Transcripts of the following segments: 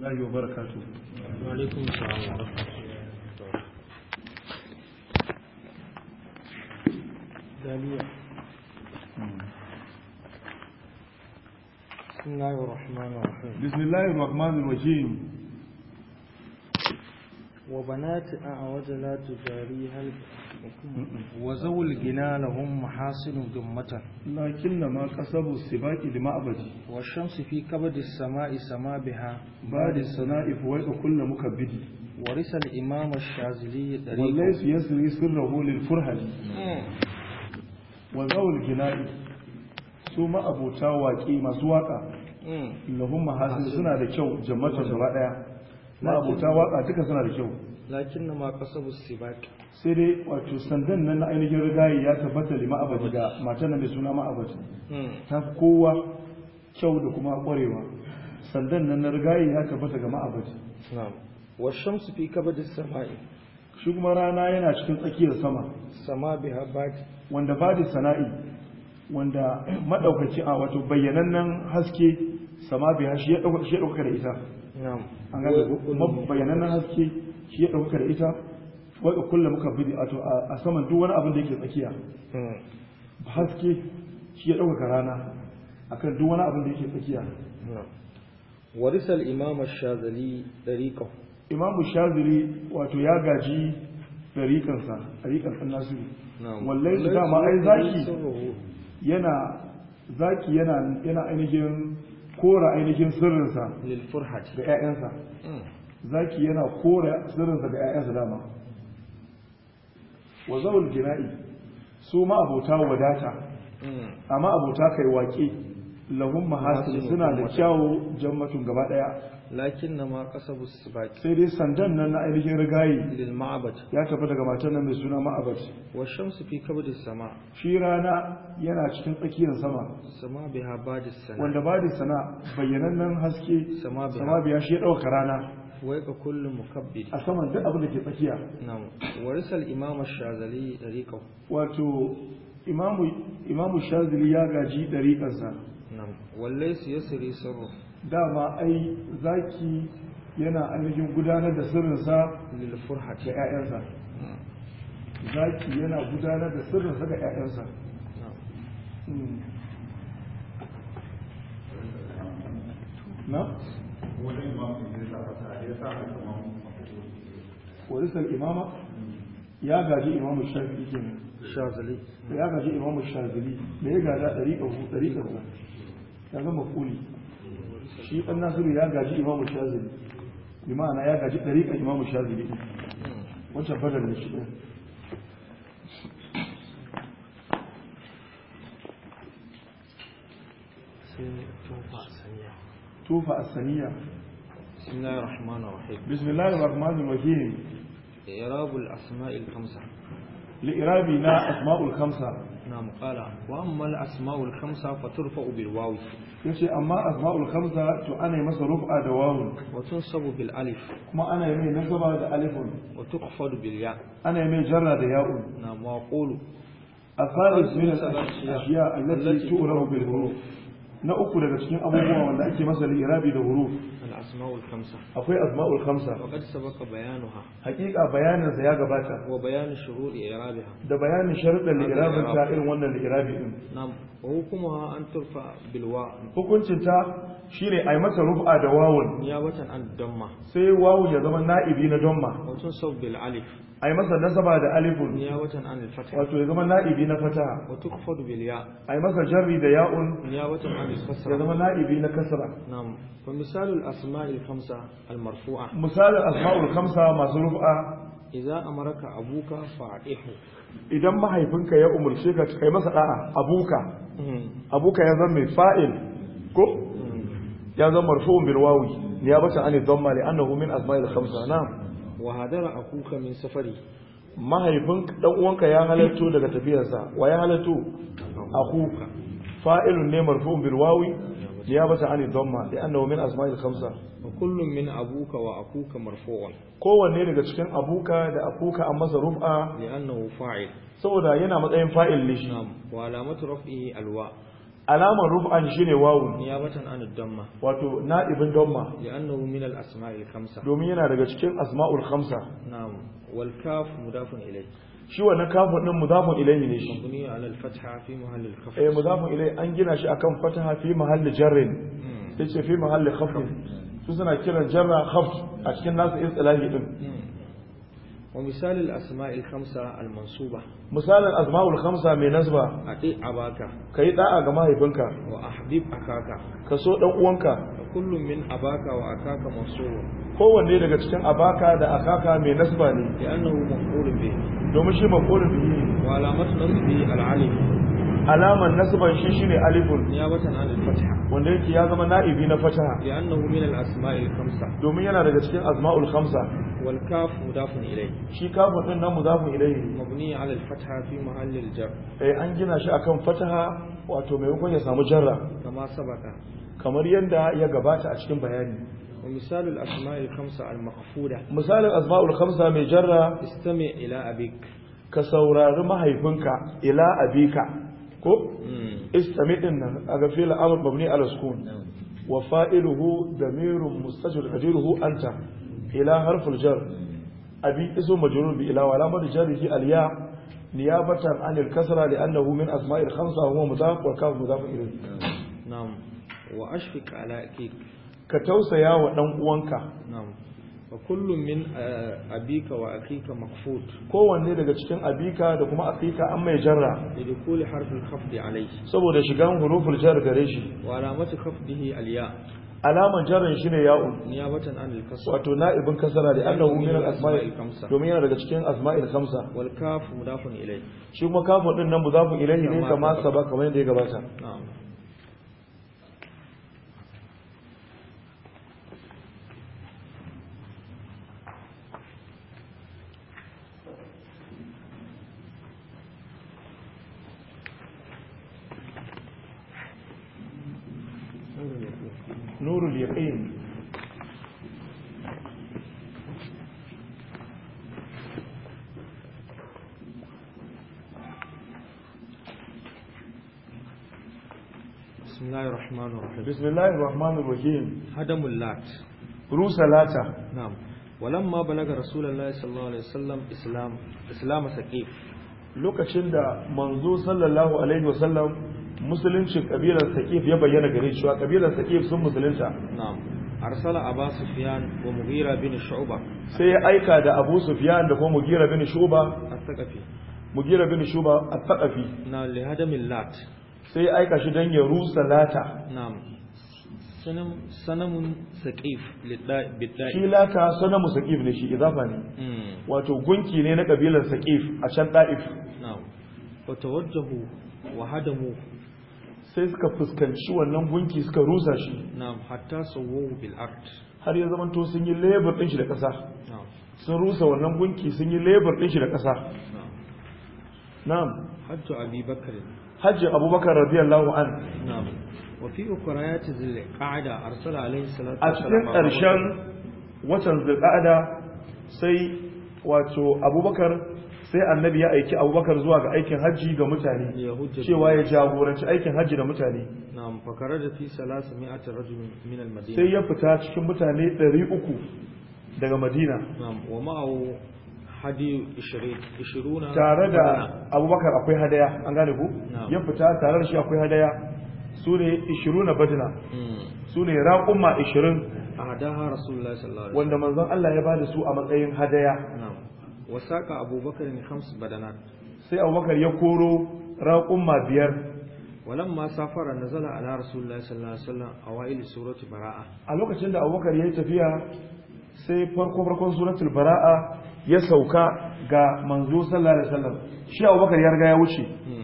الله وبركاته وعليكم السلام ورحمة الله بسم الله الرحمن الرحيم بسم الله الرحمن الرحيم وبنات أعوذ لا تجاريها wa zawul gina lahum mahasinun dummatan lakin na ma kasabu sibaki da ma'abadi wa shamsu fi kabadi sama'i sama biha ba da sana'i fuwai ka kulla muka bidi ورث الإمام الشاذلي طريقه والليث يسري سره للفرهد وذو الجنائي su ma'abuta waƙi masu waƙa lahun mahasin suna da kyau jama'ar gaba ɗaya ma'abuta waƙa duka suna da kyau lakin na ma su sibaki sai dai wato sandan nan na ainihin rigayi ya tabbata li ma'abadi ga matan nan mai suna ma'abadi hmm. ta fi kowa kyau da kuma kwarewa sandan nan na rigayi ya tabbata ga ma'abadi wa shamsu fi da sama'i shi kuma rana yana cikin tsakiyar sama sama bi badi wanda badi sana'i wanda madaukaci a wato nan haske sama bi shi ya dauka da ita an ga bayyanannen haske shi ya ɗauka da ita waka kulla muka bidi a saman duk wani abin da yake tsakiya hmm. haske shi ya ɗauka rana a kan duk wani abin da yake tsakiya hmm. warisal imam shazali dariqa imam shazali wato ya gaji dariqansa dariqan annasiri wallahi da ma ai zaki yana zaki yana ainihin kora ainihin sirrinsa ga 'ya'yansa. Hmm. zaki yana kore sirrinsa ga 'ya'yansa dama wa zawul jina'i su ma abota wadata amma abota kai waƙe lahum mahasin suna da kyawu jammatun gaba daya lakin na ma kasabu sibaki sai dai sandan nan na ainihin rigayi lil ma'abad ya tafi daga matan nan mai suna ma'abad wa shamsu fi kabdi sama shi rana yana cikin tsakiyar sama sama biha badis sana wanda badis sana bayyanannen haske sama biya shi ya dauka rana wai ka kullu mukabbir a saman duk abin da ke tsakiya na'am warisal imam ash-shazali dariqa wato imam imamu shazali ya gaji dariqan sa na'am wallahi su yasri sirru dama ai zaki yana ainihin gudanar da sirrin sa lil furha ga sa zaki yana gudanar da sirrin sa ga sa na'am na wani imamu ne ya warisan imama ya gaji imamu shafi'i ke shazali ya gaji imamu shazali da ya gaja ɗariƙahu ɗariƙahu ya zama kuli shi ɗan nasiru ya gaji imamu shazali bi ya gaji ɗariƙa imamu shazali wancan fadar da shi tufa a saniya بسم الله الرحمن الرحيم بسم الله الرحمن الرحيم إعراب الأسماء الخمسة لإعرابنا أسماء الخمسة نعم قال وأما الأسماء الخمسة فترفع بالواو يشي أما أسماء الخمسة تعنى مثل رفع دواو وتنصب بالألف كما أنا يمي نصب بألف وتخفض بالياء أنا يمي جرى دياء نعم وأقول الثالث من الأشياء التي تؤرم بالحروف na uku daga cikin abubuwa wanda ake masa lirabi da huruf al-asma'ul akwai asma'ul khamsa wa bayanuha haqiqa bayanin sa ya gabata wa bayanin shuru'i irabiha da bayanin sharuɗan lirabin ta irin wannan lirabi din na'am hukuma an turfa bil wa hukuncin ta shine ai mata rufa da wawun niyabatan damma sai wawu ya zama na'ibi na damma wa alif a masa nasaba da alifun niyawatan an al wato ya zama na'ibi na fataha wa tukfadu bil ya a masa jarri da ya'un niyawatan an al ya zama na'ibi na kasra na'am fa misalul asma'il khamsa al-marfu'a misalul asma'ul khamsa masu rufa idza amaraka abuka fa'ihu idan mahaifinka ya umurce ka kai masa da'a abuka hmm. abuka ya zama fa'il ko hmm. ya zama marfu'un bil wawi niyabatan an al-dhamma li annahu min asma'il khamsa na'am wahadara a kuka min safari mahaifin dan uwanka ya halarto daga tafiyarsa wa ya halatto kuka? fa'ilun ne marfu'un bil wawi niyabata an dhamma li annahu min asma'il khamsa wa min abuka wa akuka marfu'un kowanne daga cikin abuka da akuka a masa rufa li annahu fa'il saboda yana matsayin fa'il ne wa alamatu raf'ihi alwa alamar ruf'an ne wawu niyabatan an damma wato na'ibin damma min al-asma'il khamsa domin yana daga cikin asma'ul khamsa na'am wal kaf mudafun shi wannan kafin din mudafun ilayhi ne shi mabni ala al-fatha fi mahall al eh mudafun an gina shi akan fatha fi mahall jarrin sai hmm. fi mahall khafd hmm. su suna kiran jarra khafd a cikin nasu istilahi din hmm. wa misalin asma’il kamsa almansuba misalin asma’ul kamsa mai nasba a ɗi a ka yi ɗa’a ga mahaifinka wa a haɗif a ka so ɗan uwanka. a kullum min a wa a kaka kowanne daga cikin abaka da akaka mai nasba ne ya annan mafi wurin bai domin shi mafi wurin bai yi wa alamatsu nan su bi al’alimi alaman nasban shi shine alifun ya watan alif fataha wanda yake ya zama na'ibi na fataha ya annahu min al asma'il khamsa domin yana daga cikin asma'ul khamsa wal kaf mudafun ilayhi shi kafu din nan mudafun ilayhi mabni ala al fataha fi mahall al jar eh an gina shi akan fataha wato maimakon ya samu jarra kama sabaka kamar yadda ya gabata a cikin bayani ومثال الأسماء الخمسة المخفودة مثال الأسماء الخمسة مجرة استمع إلى أبيك كسورار ما هيفنك إلى أبيك ko hmm. istami din nan a ga fi'il amr mabni a sukun wa fa'iluhu damirun mustajir an ta. ila harful jar abi ismu majrur bi ila wa alamat Aliya ni ya batar an yi kasara da annahu min asma'i al khamsa mu mudaf wa kaf mudaf ilayhi na'am wa ashfiq ala akik ka tausaya wa dan uwanka wa kullum min abika wa akika makfut kowanne daga cikin abika da kuma akika an mai jarra da dukuli harfin khafdi alai saboda shigan huruful jar gare shi wa alamatu khafdihi alya alaman jarin shine ya'u niyabatan an al wato na'ibin kasara da annahu min al-asma'i domin yana daga cikin asma'il khamsa wal kafu mudafun ilai shi kuma kafu din nan mudafun ilaihi ne kama sabaka kamar yadda ya gabata na'am aka bismillahir rahmanir rahim hadamul lat rusa lata na'am walamma balaga rasulullahi sallallahu alaihi wasallam islam islam saqif lokacin da manzo sallallahu alaihi wasallam musuluncin kabilar saqif ya bayyana gare shi wa kabilar saqif sun musulunta na'am arsala abu sufyan wa mughira bin shu'ba sai ya aika da abu sufyan da kuma mughira bin shu'ba at-taqafi mughira bin shu'ba at-taqafi na li hadamin lat sai ya aika shi don ya rusa lata na'am sanamun saƙif shi laka sanamu saƙif ne shi izafa ne hmm. wato gunki ne na ƙabilar saƙif a can ɗa'if wata wajahu wa mu sai suka fuskanci wannan gunki suka rusa shi hatta sawwahu bil har ya zama to sun yi lebur ɗin shi da ƙasa sun rusa wannan gunki sun yi lebur ɗin shi da ƙasa na'am hajji abubakar abubakar radiyallahu an na'am وفي أخريات ذي القعدة أرسل عليه الصلاة والسلام أتن أرشان وتن ذي القعدة سي واتو أبو بكر sai annabi ya aiki abubakar zuwa ga aikin hajji ga mutane cewa ya jagoranci aikin hajji da mutane sai ya fita cikin mutane 300 daga madina tare da abubakar akwai hadaya an gane ku ya fita tare da shi akwai hadaya su ne 20 bajina su ne raƙumma 20 a hadaha rasulullahi sallallahu wanda manzon Allah ya bada su a matsayin hadaya wasaka abubakar ne khams badana sai abubakar ya koro raƙumma biyar ma safara nazala ala rasulullahi sallallahu alaihi wasallam awail surati bara'a a lokacin da abubakar ya yi tafiya sai farko farkon suratul bara'a ya sauka ga manzo sallallahu alaihi wasallam shi abubakar ya riga ya wuce hmm.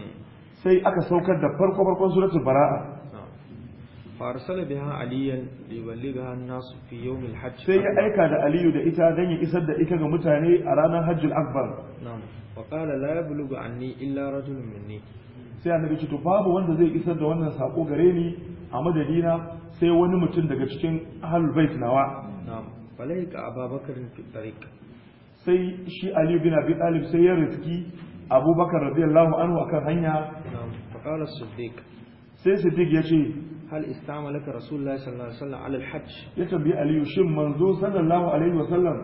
sai aka saukar da farko farkon suratul bara'a farsala biha aliyan an-nas fi yawm al-hajj sai ya aika da aliyu da ita dan ya isar da ita ga mutane a ranar hajjul akbar na'am wa qala la yablughu anni illa minni sai annabi ce to babu wanda zai isar da wannan sako gare ni a madadina sai wani mutum daga cikin ahlul bait nawa na'am fi tariq sai shi aliyu bin abi talib sai ya rizki. abubakar radiyallahu anhu akan hanya faqala siddiq sai siddiq yace hal istamalaka rasulullahi sallallahu alaihi wasallam ala ya tambayi aliyu shin manzo sallallahu alaihi wasallam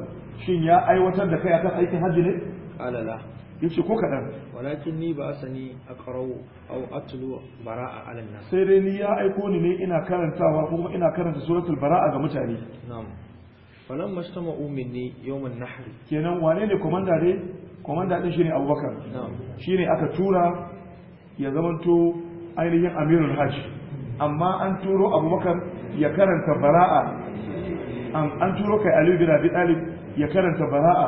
shin ya aiwatar da kai aka aikin hajji ne qala la yace ko kadan walakin ni ba asani aqra'u aw atlu bara'a ala nas sai dai ni ya aiko ni ne ina karantawa kuma ina karanta suratul bara'a ga mutane na'am falamma istama'u minni yawm an-nahr kenan wane ne komanda komanda shi ne abubakar Shi ne aka tura ya zamanto ainihin amirul hajj amma an turo abubakar ya karanta bara'a an turo kai aliyu bin abi talib ya karanta bara'a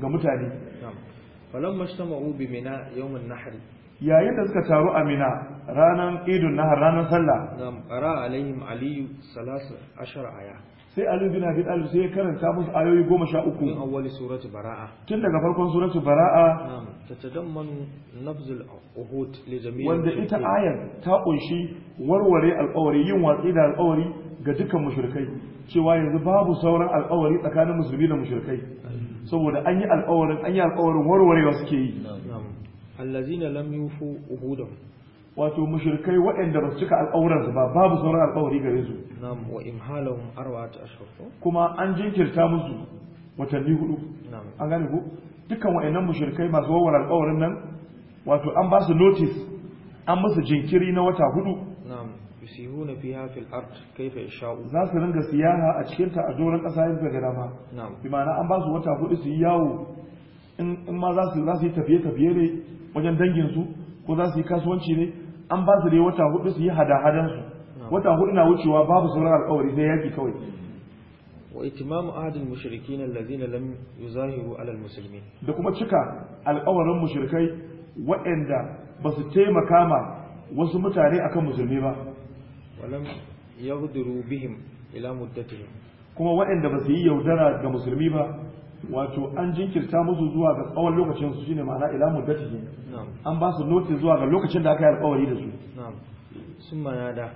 ga mutane falan mashtama'u bi mina yawon nahr yayin da suka taru a mina ranar idun nahar ranar sallah nam qara alaihim aliyu 13 aya sai Ali bin Abi Talib sai ya karanta musu ayoyi goma sha uku bara'a tun daga farkon suratu bara'a tatadammanu uhud li jami'i wanda ita ayar ta kunshi warware alƙawari yin watsi da alƙawari ga dukkan mushrikai cewa yanzu babu sauran alƙawari tsakanin musulmi da mushrikai saboda an yi alƙawarin an yi alƙawarin warwarewa suke yi allazina lam yufu uhudahum wato mushrikai waɗanda ba su cika alƙawuran ba babu sauran alƙawari gare su na'am wa imhalahum arba'at ashhur kuma an jinkirta musu watanni hudu na'am an gane ko dukkan waɗannan mushrikai masu wawar alƙawarin nan wato an ba su notice an musu jinkiri na wata hudu na'am yusihuna fiha fil ard kayfa yasha'u za su ringa siyaha a cikin ta a doron ƙasa yadda ga dama na'am bi ma'ana an ba su wata hudu su yi yawo in ma za su za su yi tafiye tafiye ne wajen dangin su ko za su yi kasuwanci ne an ba su dai wata hudu su yi hada-hadan su wata hudu na wucewa babu sauran alƙawari sai yaki kawai wa itimamu ahadin mushrikin allazina lam yuzahiru ala almuslimin da kuma cika alƙawarin mushrikai waɗanda ba su taimaka ma wasu mutane akan musulmi ba walam yaghdiru bihim ila muddatihim kuma waɗanda ba su yi yaudara ga musulmi ba wato an jinkirta musu zuwa ga tsawon lokacin su shine ma'ana ila ne. an ba su notice zuwa ga lokacin da aka yi alƙawari da su sun da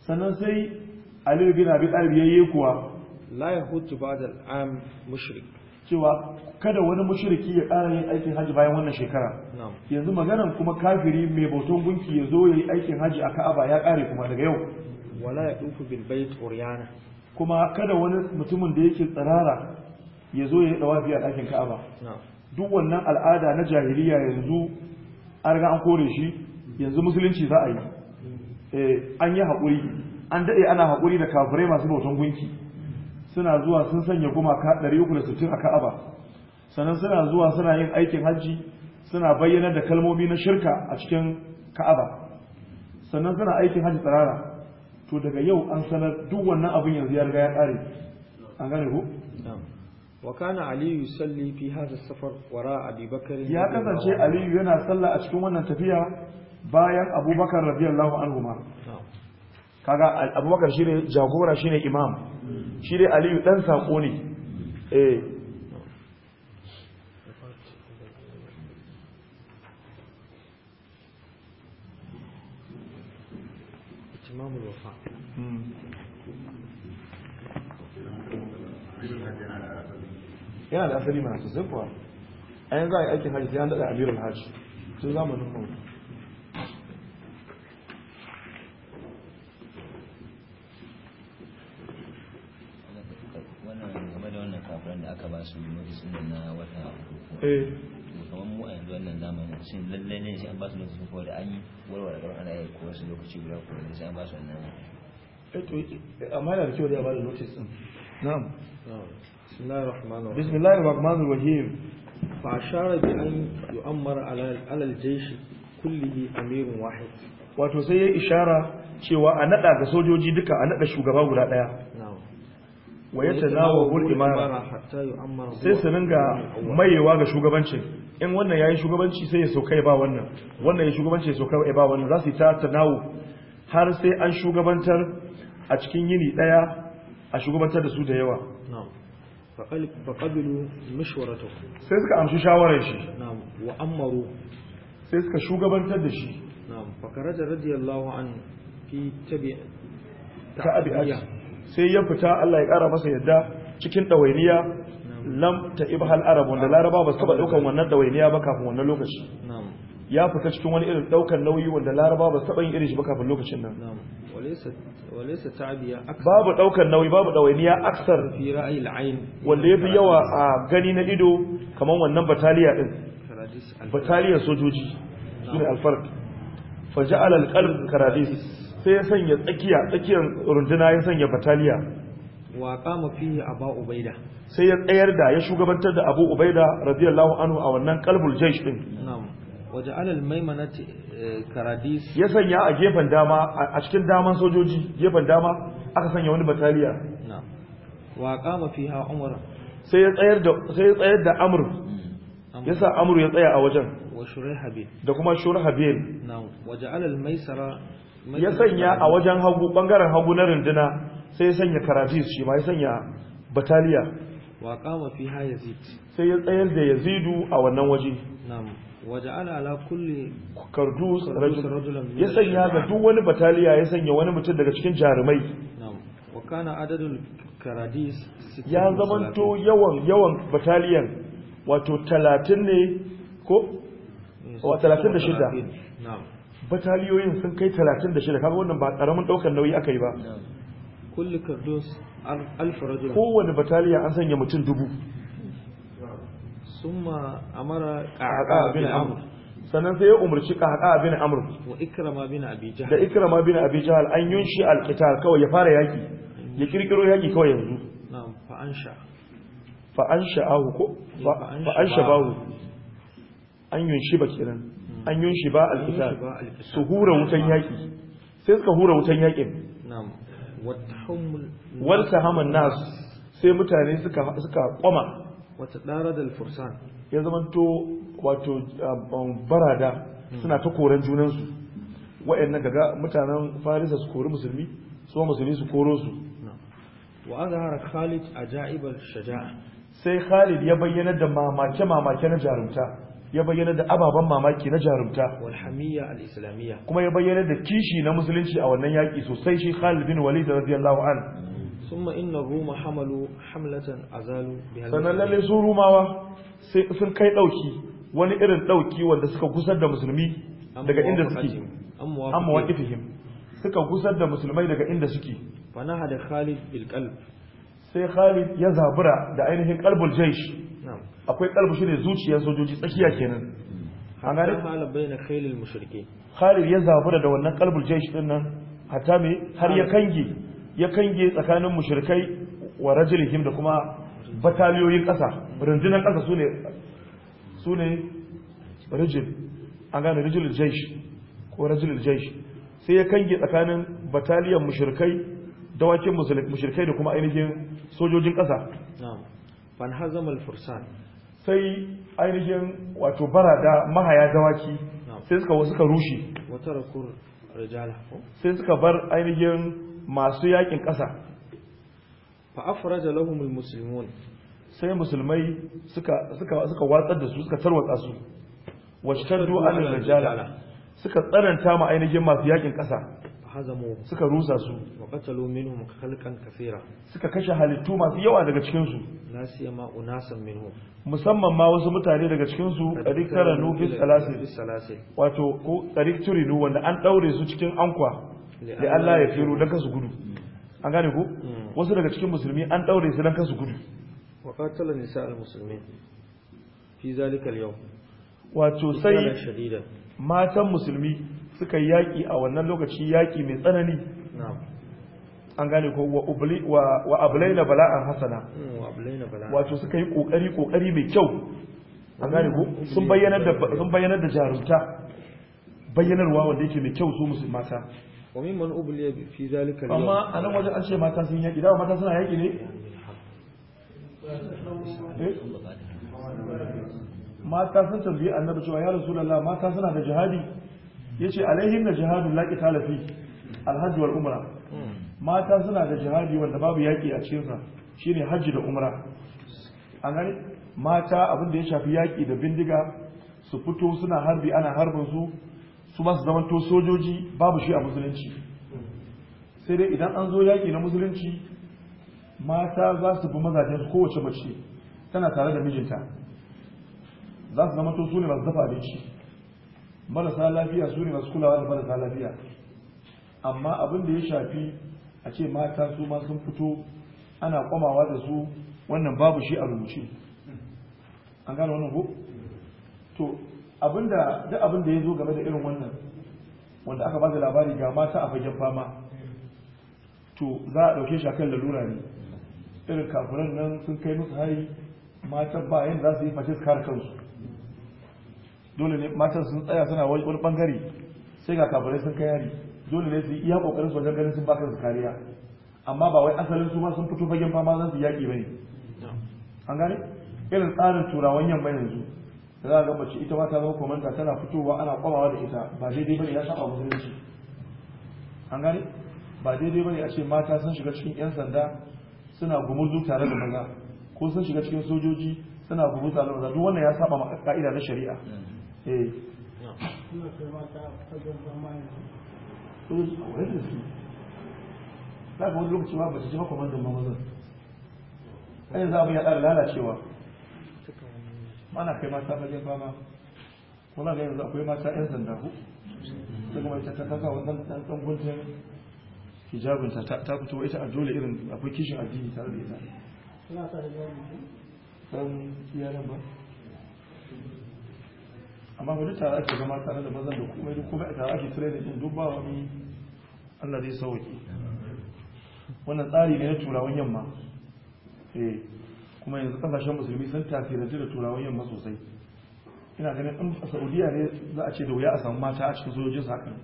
sannan sai Ali bin Abi Talib yayi kuwa la yahutu ba'da al'am mushrik cewa kada wani mushriki ya ƙara yin aikin haji bayan wannan shekara yanzu maganan kuma kafiri mai bauton gunki ya zo ya yi aikin haji a Ka'aba ya ƙare kuma daga yau wala ya dufu bil bayt uryana kuma kada wani mutumin da yake tsirara ya zo ya yi dawafi a ɗakin ka'aba duk wannan al'ada na jahiliya yanzu an riga an kore shi yanzu musulunci za a yi eh, an yi haƙuri an daɗe ana haƙuri da kafirai masu bautan gunki suna zuwa sun sanya gumaka 360 a ka'aba sannan suna zuwa suna yin aikin hajji suna bayyanar da kalmomi na shirka a cikin ka'aba sannan suna aikin hajji tsirara to daga yau an sanar duk wannan abin yanzu ya riga ya ƙare an gane ko wa kana aliyu salli fi hadha safar wara abi bakr ya kasance aliyu yana salla a cikin wannan tafiya bayan abubakar radiyallahu anhu ma kaga abubakar shine jagora shine imam shine aliyu dan sako ne eh yana da asali mana sosai kuwa a yanzu a yi aikin hajji ya daɗa amirul hajji sun zamanin mu su eh. zamanin shin lallai ne shi an ba su lokacin kowa da an yi warware ana yi ko wasu lokaci guda ko da shi an ba su wannan amma yana da kyau da ya bada notice din na'am bismillahir rahmanir rahim fa ashara bi an yu'ammar ala al-jaysh kullihi amirun wahid wato sai ya ishara cewa a nada ga sojoji duka a nada shugaba guda daya wa ya tanawa gul imara sai su ringa mayewa ga shugabancin in wannan yayi shugabanci sai ya sauka ya ba wannan wannan ya shugabanci ya sauka ya ba wannan za su yi ta tanawo har sai an shugabantar a cikin yini daya a shugabantar da su da yawa sai suka amshi shawarar shi wa sai suka shugabantar da shi fakaraja radiyallahu an fi sai ya fita Allah ya ƙara masa yadda cikin ɗawainiya lam ta ibhal arab wanda laraba ba su taɓa ɗaukar wannan ɗawainiya ba kafin wannan lokaci ya fita cikin wani irin daukar nauyi wanda laraba ba taɓa yin irin shi ba kafin lokacin nan babu daukar nauyi babu dawainiya aksar wanda ya fi yawa a gani na ido kamar wannan bataliya din Bataliya sojoji su ne alfark faja'al alqalb karadis sai ya sanya tsakiya tsakiyar runduna ya sanya bataliya wa qama fihi ubaida sai ya tsayar da ya shugabantar da abu ubaida radiyallahu anhu a wannan Kalbul jaysh din waje alal maimanati eh, karadis ya sanya a gefen dama a cikin daman sojoji gefen dama aka sanya wani bataliya wa qama fiha umar sai ya tsayar da sai ya tsayar da amr yasa amr ya tsaya a wajen wa shuraihabil da kuma shuraihabil na'am waje alal maisara ya sanya a wajen hagu bangaren hagu na runduna sai ya sanya karadis shi ma ya sanya bataliya wa qama fiha yazid sai ya tsayar da yazidu a wannan waje na'am waja'ala ala kulli kardus rajulan ya sanya ga duk wani bataliya ya sanya wani mutum daga cikin jarumai wa kana adadul karadis ya zamanto yawan yawan bataliyan wato 30 ne ko eh, wa 36 bataliyoyin sun kai 36 kaga wannan ba karamin daukar nauyi akai ba kulli kardus alf rajulan kowanne bataliya an sanya mutum dubu summa amara qaqa bin amr sannan sai ya umarci qaqa bin amr wa ikrama bin abi jahal da ikrama bin abi jahal an yunshi alqital kawai ya fara yaki ya kirkiro yaki kawai yanzu na'am fa ansha fa ahu ko fa anshabahu an yunshi ba kiran hmm. an yunshi ba alqital su hura wutan yaki sai suka hura wutan yakin na'am wata hamun nas sai mutane suka kwama wata ɗara da alfursan ya zamanto wato um, barada suna ta koren junansu wa'annan kaga mutanen farisa su kori musulmi su musulmi su koro su wa azhara khalid ajaibal shaja'a sai khalid ya bayyana da mamake mamake na jarumta ya bayyana da ababen mamaki na jarumta walhamiyya al-islamiyya kuma ya bayyana da kishi na musulunci a wannan yaƙi sosai shi Khalid bin Walid radiyallahu an summa inna ruma hamalu hamlatan azalu sannan lalle su rumawa sun kai dauki wani irin dauki wanda suka gusar da musulmi daga inda suke amma wa ifihim suka gusar da musulmai daga inda suke fa na hada khalid bil qalb sai khalid ya zabura da ainihin qalbul jaysh akwai qalbu shine zuciyar sojoji tsakiya kenan an gane khalid bayna khailil mushrikin khalid ya zabura da wannan qalbul jaysh din nan hatta me har ya kange ya kange tsakanin mushrikai wa rajulihim da kuma bataliyoyin ƙasa rundunar ƙasa su ne su ne rijil an gane rijilul jaish ko rajulul jaish sai ya kange tsakanin bataliyan mushrikai dawakin mushrikai da kuma ainihin sojojin ƙasa fan hazamal fursan sai ainihin wato bara da mahaya dawaki sai suka wasu ka rushe sai suka bar ainihin masu yakin ƙasa fa afraja lahumul muslimun sai musulmai suka suka suka watsar da su suka tarwatsa su washtaddu ala rijal suka tsananta ma ainihin masu yakin ƙasa hazamu suka rusa su wa qatalu minhum khalqan kaseera suka kashe halittu masu yawa daga cikin su ma unasan minhum musamman ma wasu mutane daga cikin su qarikara nufis salasi wato ko qarik nu wanda an daure su cikin ankwa da Allah ya firo don kansu gudu an gane ko mm. wasu daga cikin musulmi an daure su don kansu gudu wa qatala nisa al musulmi fi zalika al yawm wato sai matan musulmi suka yaki a wannan lokaci yaki mai tsanani an gane ko wa ablaina bala'an hasana mm, wato suka yi kokari kokari mai kyau an gane ko sun bayyanar da jarumta bayyanarwa wanda yake mai kyau su musulmata wa mimman ubliya fi zalika al amma anan wajen an ce mata sun yaki dawo mata suna yaki ne eh? mata sun tambayi annabi cewa ya rasulullah mata suna da jihadi yace alaihim da jihadul laqi talafi alhajj wal umra mata suna da jihadi wanda babu yaki a cikin shine hajji da umra an mata abin da ya shafi yaki da bindiga su fito suna harbi ana harbin su su masu zamanto sojoji babu shi a musulunci sai dai idan an zo yaƙi na musulunci mata za su bi mazajen kowace mace tana tare da mijinta za su to su ne masu dafa abinci marasa lafiya su ne masu kulawa da marasa lafiya amma abin da ya shafi a ce mata su ma sun fito ana kwamawa da su wannan babu shi a rubuce an gane wannan ko to abinda duk abin da ya zo game da irin wannan wanda aka ba da labari ga mata a fagen fama to za a ɗauke shi a lalura ne irin kafiran nan sun kai musu hari matan ba yadda za su yi fashe su kare kansu dole ne matan sun tsaya suna wani bangare sai ga kafirai sun kai hari dole ne su yi iya kokarin su wajen ganin sun baka su kariya amma ba wai asalin su ma sun fito fagen fama za su yaƙi ba ne an gane irin tsarin turawan yamma yanzu za a gabace ita ma ta zama komanda tana fitowa ana kwabawa da ita ba daidai bane ya saba musulunci an gani ba daidai bane a ce mata sun shiga cikin yan sanda suna gumurzu tare da maza ko sun shiga cikin sojoji suna gumurzu tare da maza duk wannan ya saba ma ka'ida na shari'a mm. eh za ka wani lokaci ma ba ta ji makwamandan mamazan ɗaya za mu yaɗa lalacewa mana kai mata fagen fama kuna ga yanzu akwai mata 'yan zanda ku sai kuma ita ta kaka wannan dan tsangulcin hijabinta ta fito ita a dole irin akwai kishin addini tare da ita ɗan yaran ba amma mu duk tare ake zama tare da mazan da kuma duk kuma tare ake training din duk ba wani Allah zai sauki wannan tsari ne na turawan yamma eh kuma yanzu kasashen musulmi sun tasirantu da turawan yamma sosai ina ganin in saudiya ne za a ce da wuya a samu mata a cikin sojojin su hakan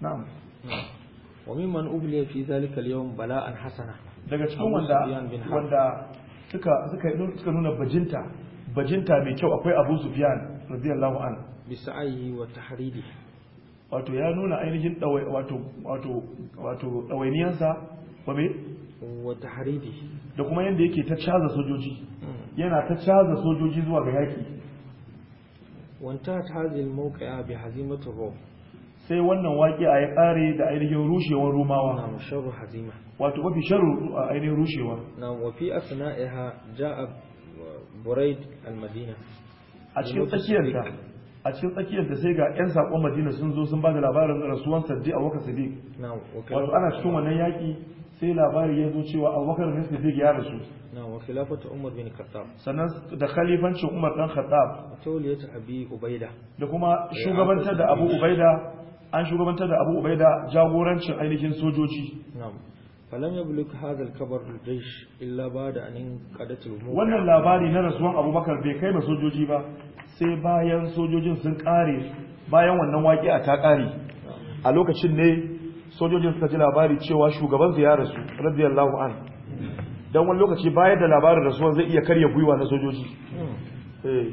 na'am wa mimman ubliya fi zalika al-yawm bala'an hasana daga cikin wanda wanda suka suka suka nuna bajinta bajinta mai kyau akwai Abu Sufyan radiyallahu an bi sa'i wa tahridi wato ya nuna ainihin dawai wato wato wato dawainiyansa wa me wa tahridi da kuma yadda yake ta caza sojoji yana ta caza sojoji zuwa ga yaƙi وانتهت هذه hazima ta الروم sai wannan a ya ƙare da ainihin rushewar rumawa na sharru hazima wato mafi sharu a ainihin rushewa na wafi ja a buraid al-madina a cikin tsakiyarta a cikin tsakiyarta sai ga yan saƙon madina sun zo sun ba da labarin rasuwan saddi a waka sadiq wato ana cikin wannan yaƙi sai labari ya zo cewa abubakar ne siddiq ya rasu na wa khilafatu umar bin khattab sannan da khalifancin umar dan khattab tawliyatu abi ubaida da kuma eh, shugabantar da abu ubaida an shugabantar da abu ubaida jagorancin ainihin sojoji na'am falam yabluk hadha al-khabar al-jaysh illa ba'da an qadat al wannan labari na rasuwan abubakar bai kai ma sojoji ba sai bayan sojojin sun kare bayan wannan waƙi a ta kare a lokacin ne sojojin suka ji labari cewa shugaban su ya rasu radiyallahu an Don wani lokaci bayan da labarin rasuwan zai iya karya gwiwa na sojoji eh,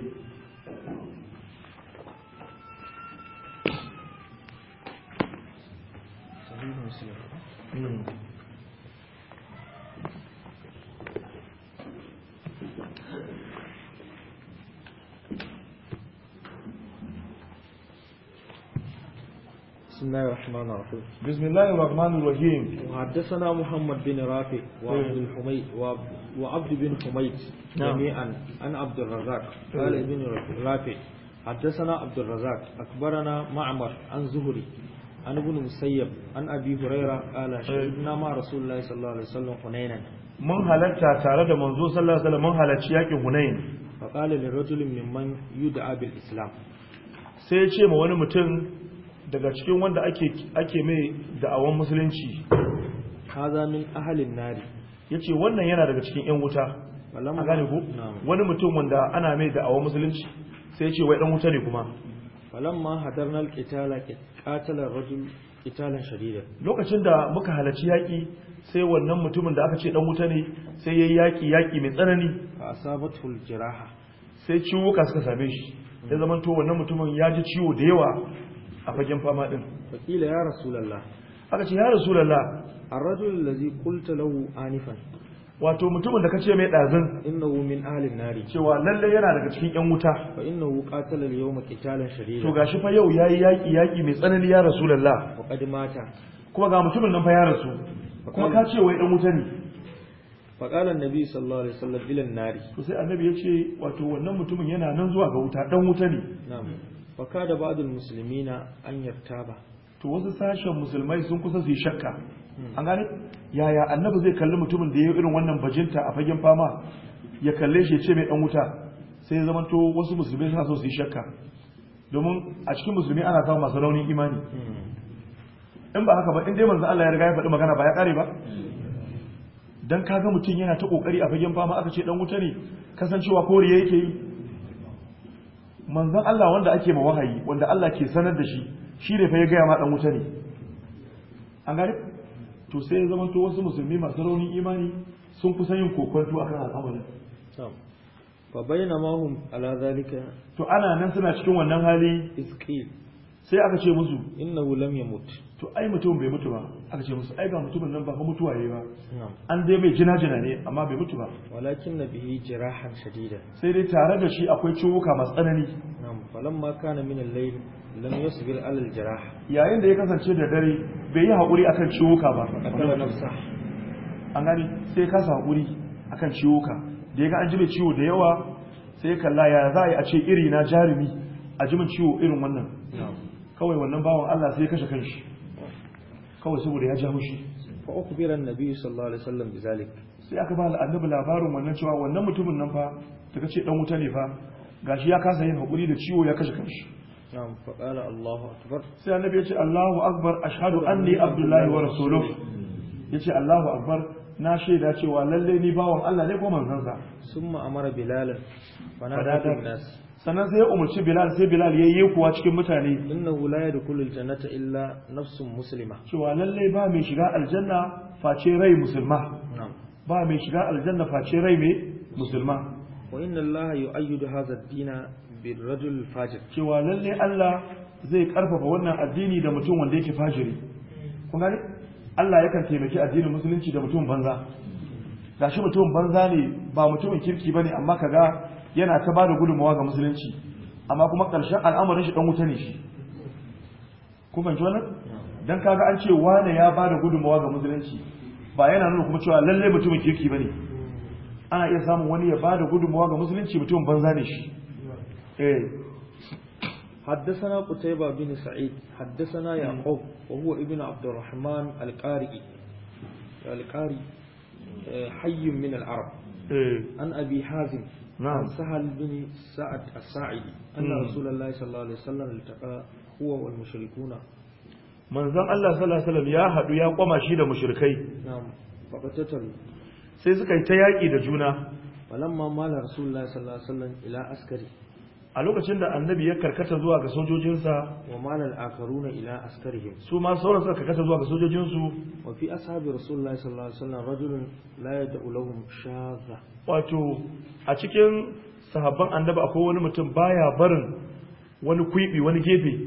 الرحمن الرحيم بسم الله الرحمن الرحيم وحدثنا محمد بن رافع وعبد الحميد وعبد بن حميد جميعا عن عبد الرزاق قال ابن رافع حدثنا عبد الرزاق أكبرنا معمر عن زهري عن ابن مسيب عن أبي هريرة قال شهدنا مع رسول الله صلى الله عليه وسلم حنينا من هلتا تارد منزول صلى الله عليه وسلم من هلتا ياكي حنين فقال لرجل ممن يدعى بالإسلام sai ya ce ma wani mutum daga cikin wanda ake mai da'awan musulunci haza min ahalin nari yace wannan yana daga cikin yan wuta a gane ku wani mutum wanda ana mai da'awan musulunci sai ce wai dan wuta ne kuma falamma hadarna alqitala qatala rajul qitalan shadida lokacin da muka halarci yaki sai wannan mutumin da aka ce dan wuta ne sai yayi yaki yaki mai tsanani asabatul jiraha sai ciwuka suka same shi ya zama to wannan mutumin ya ji ciwo da yawa a fagen fama din fakila ya rasulullah aka ce ya rasulullah ar-rajul allazi qulta lahu anifan wato mutumin da kace mai dazin innahu min ahlin nari cewa lalle yana daga cikin yan wuta fa innahu qatala al-yawma qitalan shadida to gashi fa yau yayi yaki yaki mai tsanani ya rasulullah wa qad mata kuma ga mutumin nan fa ya rasu kuma ka ce wai dan wuta ne fa qala an-nabi sallallahu alaihi wasallam bilan nari to sai annabi yace wato wannan mutumin yana nan zuwa ga wuta dan wuta ne na'am faka da musulmi na an ba. to wasu sashen musulmai sun kusa su yi shakka hmm. an gane yaya annabi zai kalli mutumin da ya yi irin wannan bajinta a fagen fama ya kalle shi ya ce mai dan wuta sai ya to wasu musulmai suna so su yi shakka domin a cikin musulmi ana samun masu raunin imani hmm. in ba haka ba in dai manzo Allah ya riga ya faɗi magana ba ya kare ba hmm. dan kaga mutum yana ta kokari a fagen fama aka ce dan wuta ne kasancewa koriya yake yi manzon Allah wanda ake ma wahayi wanda Allah ke sanar da shi shi ne fa ya gaya ma dan wuta ne an gari, to sai ya zama wasu musulmi masu raunin imani sun kusa yin a akan al'amarin fa bayyana mahum ala zalika to ana nan suna cikin wannan hali isqil sai aka ce musu innahu lam yamut to ai mutum bai mutu ba aka ce musu ai ba mutumin nan ba ga mutuwa yayi ba an dai mai jina-jina ne amma bai mutu ba walakin nabihi jirahan shadida sai dai tare da shi akwai ciwuka masu tsanani na'am ma kana min al-layl lam yasbir ala al-jirah yayin da ya kasance da dare bai yi hakuri akan ciwuka ba an gani sai kasa hakuri akan ciwuka da ya ga an ji mai ciwo da yawa sai kalla ya za a ce iri na jarumi a ji min ciwo irin wannan kawai wannan bawan Allah sai ya kashe kanshi kawai saboda ya ja mushi fa ukbira annabi sallallahu alaihi wasallam bizalik sai aka ba annabi labarin wannan cewa wannan mutumin nan fa daga ce dan wuta ne fa gashi ya kasa yin hakuri da ciwo ya kashe kanshi na'am fa qala Allahu akbar sai annabi ya ce Allahu akbar ashhadu anni abdullahi wa rasuluhu yace Allahu akbar na shaida cewa lalle ni bawan Allah ne ko manzon sa summa amara bilalan fa nadada nas sannan sai ya umarci bilal sai bilal ya yi kuwa cikin mutane inna da kullum jannata illa nafsun musulma. cewa lalle ba mai shiga aljanna face rai musulma ba mai shiga aljanna face rai mai musulma wa inna allaha ayyu da hazar dina bin rajul fajir cewa lalle Allah zai karfafa wannan addini da mutum wanda yake fajiri kun gane Allah yakan taimaki addinin musulunci da mutum banza gashi mutum banza ne ba mutumin kirki bane amma kaga yana ta bada gudunmawa ga musulunci amma kuma ƙarshen al'amarin shi dan wuta ne shi ku fahimci wannan don kaga an ce wane ya bada gudunmawa ga musulunci ba yana nuna kuma cewa lallai mutumin kirki ne. ana iya samun wani ya bada gudunmawa ga musulunci mutumin banza ne shi eh حدثنا قتيبة بن سعيد حدثنا يعقوب وهو ابن عبد الرحمن القارئ القارئ حي من العرب عن أبي حازم نعم سهل بن سعد الساعدي أن رسول الله صلى الله عليه وسلم التقى هو والمشركون من زم الله صلى الله عليه وسلم يا حد يا قوما شيد مشركي نعم فقتتلوا sai suka yi ta yaƙi da juna falamma الله rasulullahi sallallahu alaihi wasallam ila askari a lokacin da annabi ya karkata zuwa ga sojojinsa wa malal akaruna ila askarihim su ma sauran suka karkata zuwa ga sojojinsu wa fi ashabi rasulullahi sallallahu alaihi wasallam rajulun la yad'u lahum shadha wato a cikin sahabban annabi akwai wani mutum baya barin wani kuibi wani gefe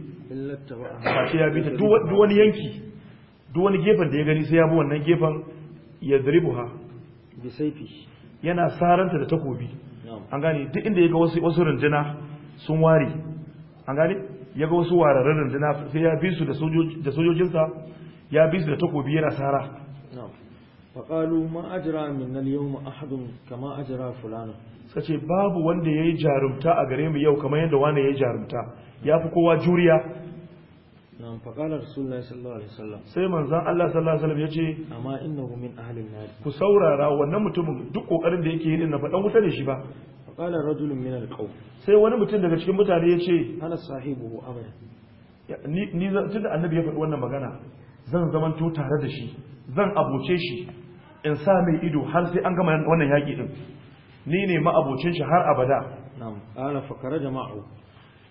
face ya bi ta duk wani yanki duk wani gefen da ya gani sai ya bi wannan gefen ya dribuha bi yana saranta da takobi an gane duk inda ya ga wasu runduna sun ware an gane ya ga wasu wararren rundunar sai ya bi su da sojojinsa ya bi su da takobi yana sara faƙalu ma ajira min nan yau ma ahadun kama ajira fulana suka ce babu wanda ya yi jarumta a gare mu yau kamar yadda wani ya yi jarumta ya fi kowa juriya Na faƙalar sunan sallallahu alaihi wasallam sai manzan Allah sallallahu alaihi wasallam ya ce amma innahu min ahlin nar ku saurara wannan mutumin duk kokarin da yake yi din na faɗan wuta ne shi ba qala rajulun min alqaw sai wani mutum daga cikin mutane ya ce ana sahibu abada ni ni tunda annabi ya faɗi wannan magana zan zaman to tare da shi zan abuce shi in sa mai ido har sai an gama wannan yaki ɗin, ni ne ma'abocin shi har abada na'am qala fakara jama'u.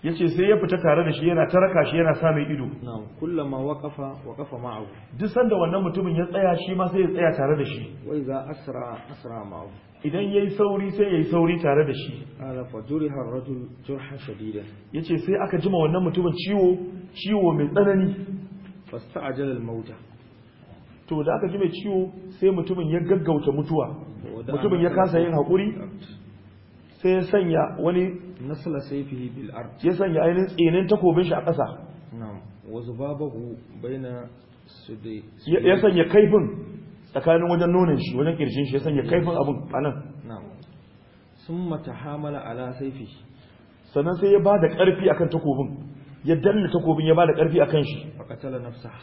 yace sai ya fita tare da shi yana taraka shi yana sa mai ido na'am kullama waqafa waqafa ma'ahu duk sanda wannan mutumin ya tsaya shi ma sai ya tsaya tare da shi wa iza asra asra ma'ahu idan yayi sauri sai yayi sauri tare da shi ala fajuriha har rajul jurha shadida yace sai aka jima wannan mutumin ciwo ciwo mai tsanani fasta'ajala al-mauta to da aka ji mai ciwo sai mutumin ya gaggauta mutuwa mutumin ya kasa yin hakuri sai ya sanya wani nasala sayfihi bil ard ya sanya ainihin tsinin takobin shi a ƙasa na'am wa zubabahu baina sudai ya sanya kaifin tsakanin wajen nonin shi wajen kirjin shi ya sanya kaifin abin anan na'am summa tahamala ala sayfihi sannan sai ya bada karfi akan takobin ya danna takobin ya bada karfi akan shi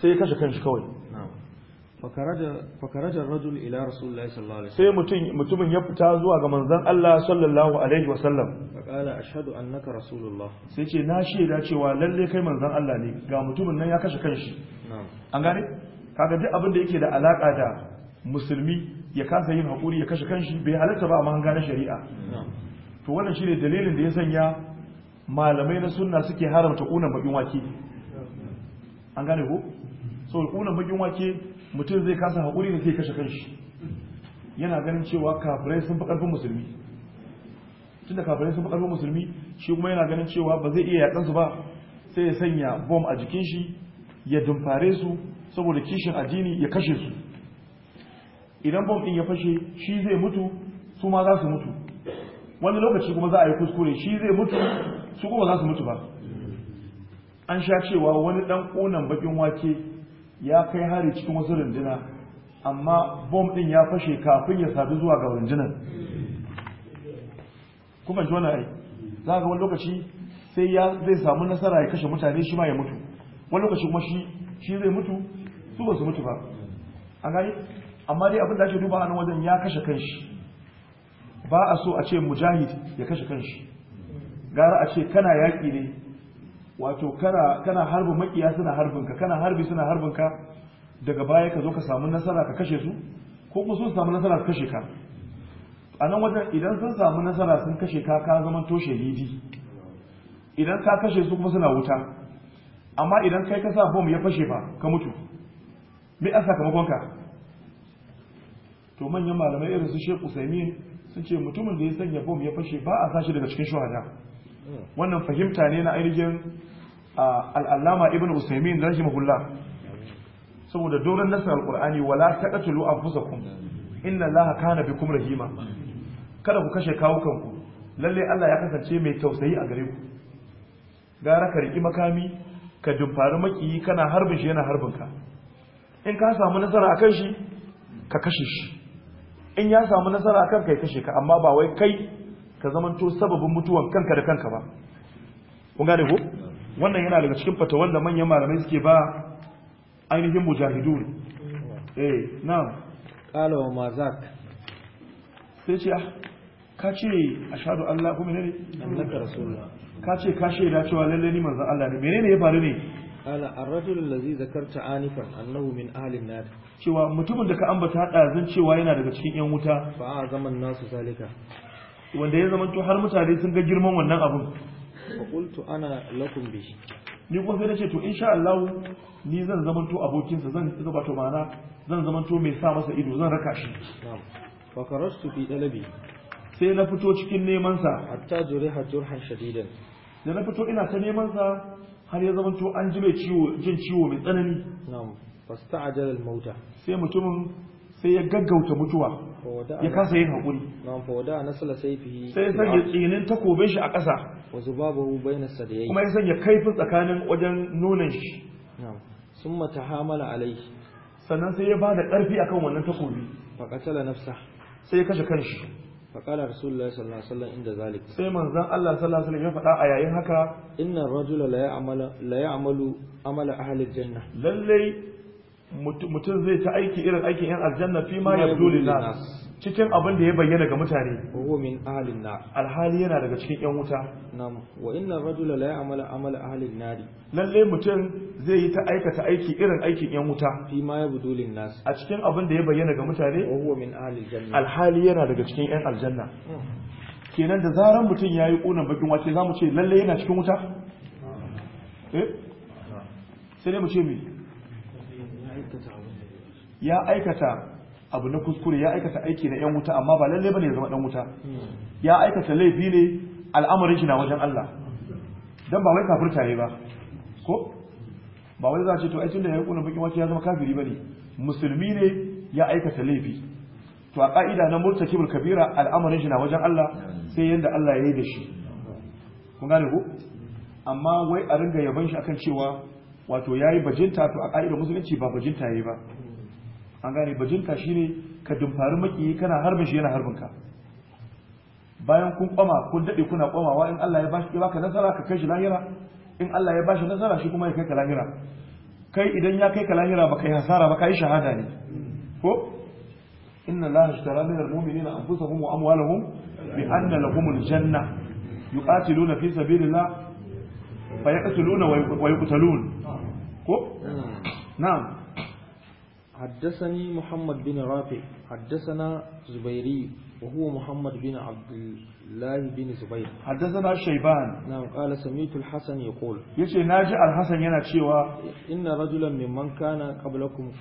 sai ya kashe kanshi kawai na'am fakarajar rajul ila rasulullahi sallallahu alaihi sai mutum mutumin ya fita zuwa ga manzon Allah sallallahu alaihi wasallam sallam faqala ashhadu annaka rasulullah sai ce na shaida cewa lalle kai manzon Allah ne ga mutumin nan ya kashe kanshi an gane kaga duk abin da yake da alaka da musulmi ya kasa yin hakuri ya kashe kanshi bai halatta ba amma an gane shari'a to wannan shine dalilin da ya sanya malamai na sunna suke haramta kunan bakin wake an gane ko so kunan bakin wake mutum zai kasa haƙuri da ke kashe kanshi yana ganin cewa kafirai sun fi ƙarfin musulmi tunda kafirai sun fi ƙarfin musulmi shi kuma yana ganin cewa ba zai iya yaƙansu ba sai ya sanya bom a jikin shi ya dumfare su saboda kishin addini ya kashe su idan bom ɗin ya fashe shi zai mutu su ma za su mutu wani lokaci kuma za a yi kuskure shi zai mutu su kuma za su mutu ba an sha cewa wani ɗan ƙonan bakin wake ya kai hari cikin wasu runduna amma bom din ya fashe kafin ya sadu zuwa ga rundunan kuma ji wani ai za ga wani lokaci sai ya zai samu nasara ya kashe mutane shi ma ya mutu wani lokaci kuma shi shi zai mutu su ba su mutu ba an gani amma dai abin da ake duba a nan wajen ya kashe kanshi ba a so a ce mujahid ya kashe kanshi gara a ce kana yaƙi ne wato kana kana harbi makiya suna harbin ka kana harbi suna harbin daga baya ka zo ka samu nasara ka kashe su ko kuma sun samu nasara ka kashe ka a nan wajen idan sun samu nasara sun kashe ka ka zama to shahidi idan ka kashe su kuma suna wuta amma idan kai ka sa bom ya fashe ba ka mutu me an sakamakon ka to manyan malamai irin su Sheikh Usaimin sun ce mutumin da ya sanya bom ya fashe ba a sashi daga cikin shuhada wannan fahimta ne na ainihin al'allama ibn usaimin da rahimahullah saboda doron nasar alkur'ani wala taqatulu anfusakum inna allaha kana kuma rahima kada ku kashe kawukanku lalle Allah ya kasance mai tausayi a gare ku gara ka riƙi makami ka dumfari makiyi kana harbin shi yana harbin ka in ka samu nasara a kan shi ka kashe shi in ya samu nasara a ka kai kashe ka amma ba wai kai ka to sababin mutuwan kanka da kanka ba kun gane ko wannan yana daga cikin fata wanda manyan malamai suke ba ainihin mujahidun eh na'am qala wa mazak sai ce ah, ka ce ashhadu an la ilaha illallah annaka rasulullah ka ce ka shaida cewa lalle ni manzon Allah ne menene ya faru ne qala ar-rajul allazi zakarta anifan annahu min ahli an-nar cewa mutumin da ka ambata zan cewa yana daga cikin yan wuta fa a zaman nasu salika wanda ya zamanto har mutane sun ga girman wannan abun fa qultu ana lakum bi. ni kuma sai nace to insha Allah ni zan to abokin sa zan zuba to mana zan to mai sa masa ido zan raka shi fa karastu fi dalabi sai na fito cikin neman sa hatta juriha jurhan shadidan da na fito ina ta neman sa har ya to an ji mai ciwo jin ciwo mai tsanani na'am fasta'ajala al-mauta sai mutumin sai ya gaggauta mutuwa ya kasa yin haƙuri sai ya sanya tsinin takobin shi a ƙasa kuma ya sanya kaifin tsakanin wajen nonon shi sun mata hamala alai sannan sai ya ba da ƙarfi akan wannan takobi faƙatala nafsa sai ya kashe kanshi faƙalar rasulullah sallallahu manzon Allah sallallahu ya faɗa a yayin haka inna rajula la ya'malu la ya'malu amala ahli janna lallai mutum zai ta aiki irin aikin yan aljanna fi ma ya yabdu na cikin abin da ya bayyana ga mutane huwa min ahlin nar alhali yana daga cikin yan wuta nam wa inna rajula la ya'malu amala ahlin nar lalle mutum zai yi ta aikata aiki irin aikin yan wuta fi ma budulin nas a cikin abin da ya bayyana ga mutane huwa min ahlil janna alhali yana daga cikin yan aljanna kenan da zaran mutum yayi kunan bakin wace zamu ce lalle yana cikin wuta eh sai mu ce me ya aikata abu na kuskure ya aikata aiki na yan wuta amma ba lalle bane ya zama dan wuta ya aikata laifi ne al'amarin shi na wajen Allah dan ba wai kafirta ne ba ko ba wai za ce to ai tunda ya kuna bakin wata ya zama kafiri bane musulmi ne ya aikata laifi to a ka'ida na murtakibul kabira al'amarin shi na wajen Allah sai yanda Allah ya yi da shi kun gane ko amma wai a ringa yaban shi akan cewa wato yayi bajinta to a ka'idar musulunci ba bajinta yayi ba an gane bajinta ne ka dumfari makiyi kana harbin shi yana harbin ka bayan kun kwama kun daɗe kuna kwamawa in Allah ya bashi baka nasara ka kai shi lahira in Allah ya bashi nasara shi kuma ya kai ka lahira kai idan ya kai ka lahira baka yi hasara ba kai shahada ne ko inna allaha ishtara min almu'minina anfusahum wa amwalahum bi anna lahum aljanna yuqatiluna fi sabilillah fa yaqtuluna wa yuqtalun ko hmm. na'am حدثني محمد بن رافع حدثنا زبيري وهو محمد بن عبد الله بن زبير حدثنا شيبان نعم قال سميت الحسن يقول يشي ناجي الحسن yana cewa inna rajulan mimman kana qablakum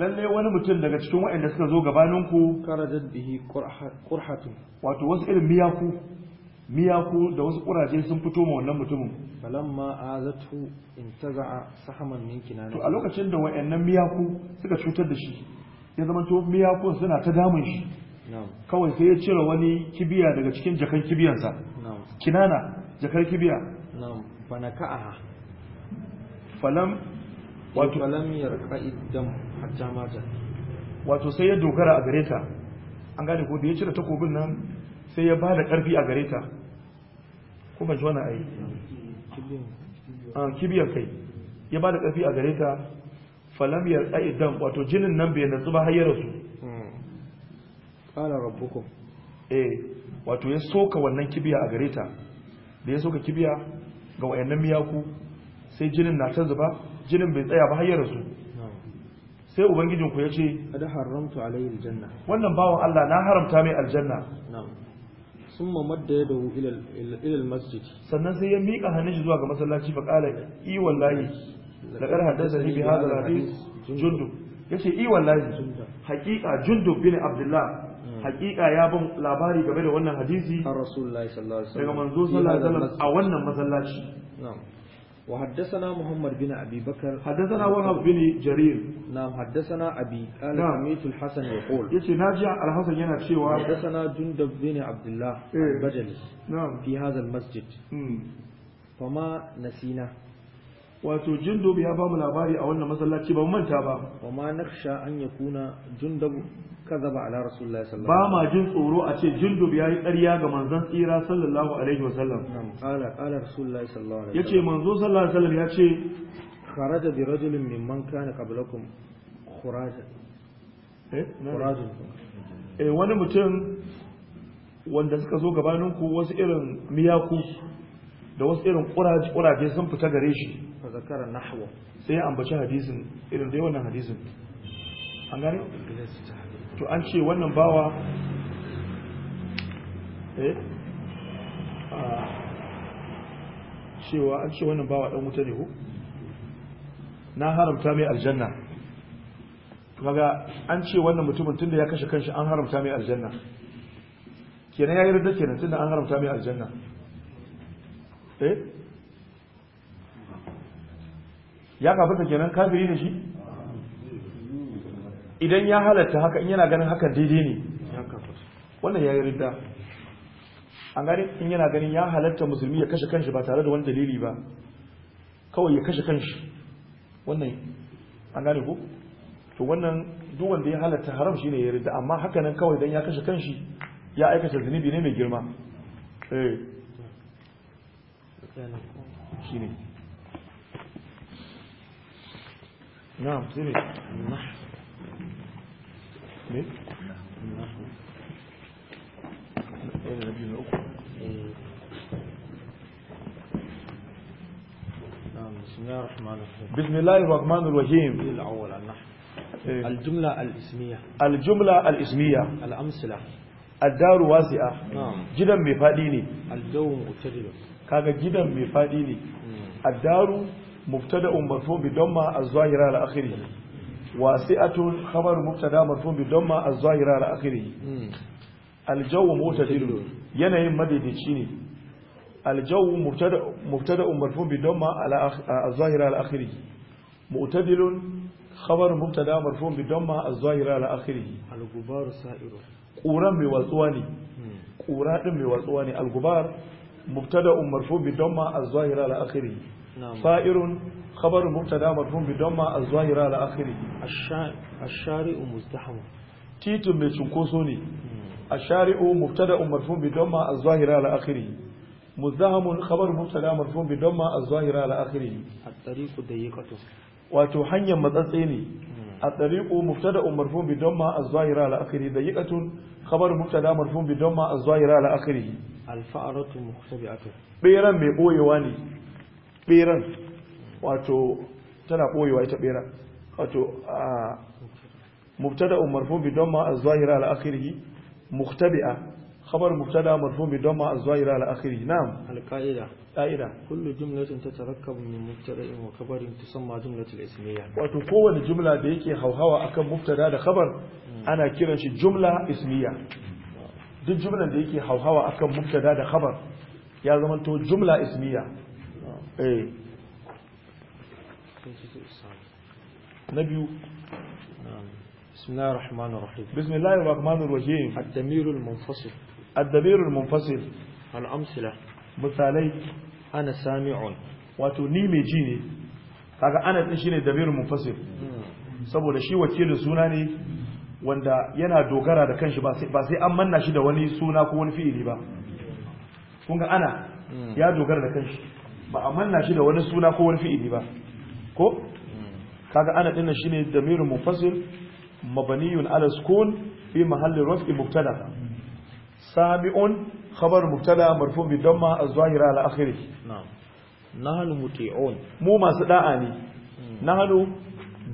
lalle wani mutum daga cikin waɗanda suka zo gabaninku karajat bihi qurhatun wato wasu irin miyaku miyaku da wasu kuraje sun fito ma wannan mutumin falamma azatu intaza sahaman min kinana to a lokacin da wayannan miyaku suka cutar da shi ya zama to miyakun suna ta damun shi kawai sai ya cire wani kibiya daga cikin jakan kibiyansa kinana jakar kibiya na'am fa falam wato falam yarqa iddam hatta mata wato sai ya dogara a gare ta an gane ko da ya cire takobin nan sai ya ba da ƙarfi a gare ta ko ban ji wannan ai a ah, kai ya ba da ƙarfi a gare ta falam ya tsaye dan wato jinin nan bai natsu ba hayyar su rasu qala rabbukum eh wato ya soka wannan kibiya a gare ta da ya soka kibiya ga wayannan miyaku sai jinin na ta zuba jinin bai tsaya ba hayyar su rasu sai ubangijinku ya ce kada alayhi aljanna wannan bawan Allah na haramta mai aljanna summa madda yadahu ila sannan sai ya mika hannun zuwa ga masallaci fa qala i wallahi laqad haddathani bi hadha al jundub yace i wallahi haqiqa jundub bin abdullah haqiqa ya ban labari game da wannan hadisi daga manzo sallallahu alaihi wasallam a wannan masallaci وحدثنا محمد بن ابي بكر حدثنا وهب بن جرير نعم حدثنا ابي قال نعم. سمعت الحسن يقول يتي ناجع الحسن ينا تشيوا حدثنا جندب بن عبد الله إيه. نعم في هذا المسجد فما نسينا wato jundub ya bamu labari a wannan masallaci ba manta ba wa ma nakhsha an yakuna jundub kazaba ala ba ma jin tsoro a ce jundub yayi ƙarya ga manzon tsira sallallahu alaihi wasallam qala qala rasulullahi sallallahu alaihi wasallam yace manzo eh, eh, wani mutum wanda suka zo gabanin ku wasu irin miyaku da wasu irin ƙuraje kuraje sun fita gare shi fa zakara nahwa sai ya ambaci hadisin irin dai wannan hadisin an gane to an ce wannan bawa eh cewa an ce wannan bawa dan wuta ne ko na haramta mai aljanna kaga an ce wannan mutumin tunda ya kashe kanshi an haramta mai aljanna kenan yayi ridda kenan tunda an haramta mai aljanna eh ya kafa kenan kafiri ne shi idan ya halatta haka in yana ganin hakan daidai ne wannan ya yi ridda an gane in yana ganin ya halatta musulmi ya kashe kanshi ba tare da wani dalili ba kawai ya kashe kanshi wannan an gane ku to wannan duk wanda ya halatta haram shine ya ridda amma haka nan kawai don ya kashe kanshi ya aikata zunubi ne mai girma eh بسم الله الرحمن الرحيم بسم الله الرحمن الرحيم الأول إيه. الجملة الاسمية الجملة الاسمية الأمثلة الدار واسعة نعم. جدا مفاديني الجو مبتدئ كذا جدا مفاديني الدار مبتدأ مرفوع بضمة الظاهرة على آخره wasi'atun khabar mubtada marfu bi damma az-zahira ala akhirih al-jawu mutadil yanayin madaidaici ne al-jawu mubtada mubtada marfu bi damma ala az-zahira ala akhirih mutadil khabar mubtada marfu bi damma az-zahira ala akhirih al-gubar sa'iru mai watsuwa ne qura din mai watsuwa ne al-gubar mubtada marfu bi damma az-zahira ala akhirih فائر خبر مبتدا مرفوع بضمه الظاهره على اخره الشارع مزدحم تيت mai cunkoso ne الشارع مبتدا مرفوع بضمه الظاهره على اخره مزدحم خبر مبتدا مرفوع بضمه الظاهره على اخره الطريق ضيقه wato hanyar matsatse ne a tsariƙo mubtada marfun bi damma az-zahira ala akhirih dayiqatun khabar mubtada marfun bi damma az-zahira ala akhirih mai ɓoyewa ne beran wato tana ɓoyewa ita beran wato a mubtada marfu bi damma az-zahira ala akhirih mukhtabi'a khabar mubtada marfu bi damma az-zahira ala akhirih na'am al-qa'ida qa'ida kullu jumlatin tatarakkabu min mubtada'in wa khabarin tusamma jumlatul ismiyya wato kowace jumla da yake hauhawa akan mubtada da khabar hmm. ana kiran shi jumla ismiya duk jumlan da yake hauhawa akan mubtada da khabar ya zama to jumla ismiya. Eh. na biyu بسم الله الرحمن الرحيم بسم الله الرحمن الرحيم الدمير المنفصل الدمير المنفصل الأمثلة مثالي أنا سامع wato ni mai ji ne kaga ana din shine damirul munfasil hmm. saboda shi wakilin suna ne wanda yana dogara da kanshi ba sai ba sai an manna shi da wani suna ko wani fi'ili ba kun ga ana hmm. ya dogara da kanshi ba a manna shi da wani suna ko wani fi'ili ba ko kaga ana dinna shine damirun munfasil mabniyun ala sukun fi mahalli raf'i mubtada sabi'un khabar mubtada marfu' bi damma az-zahira ala akhirih na'am nahnu muti'un mu masu da'a ne hmm. nahnu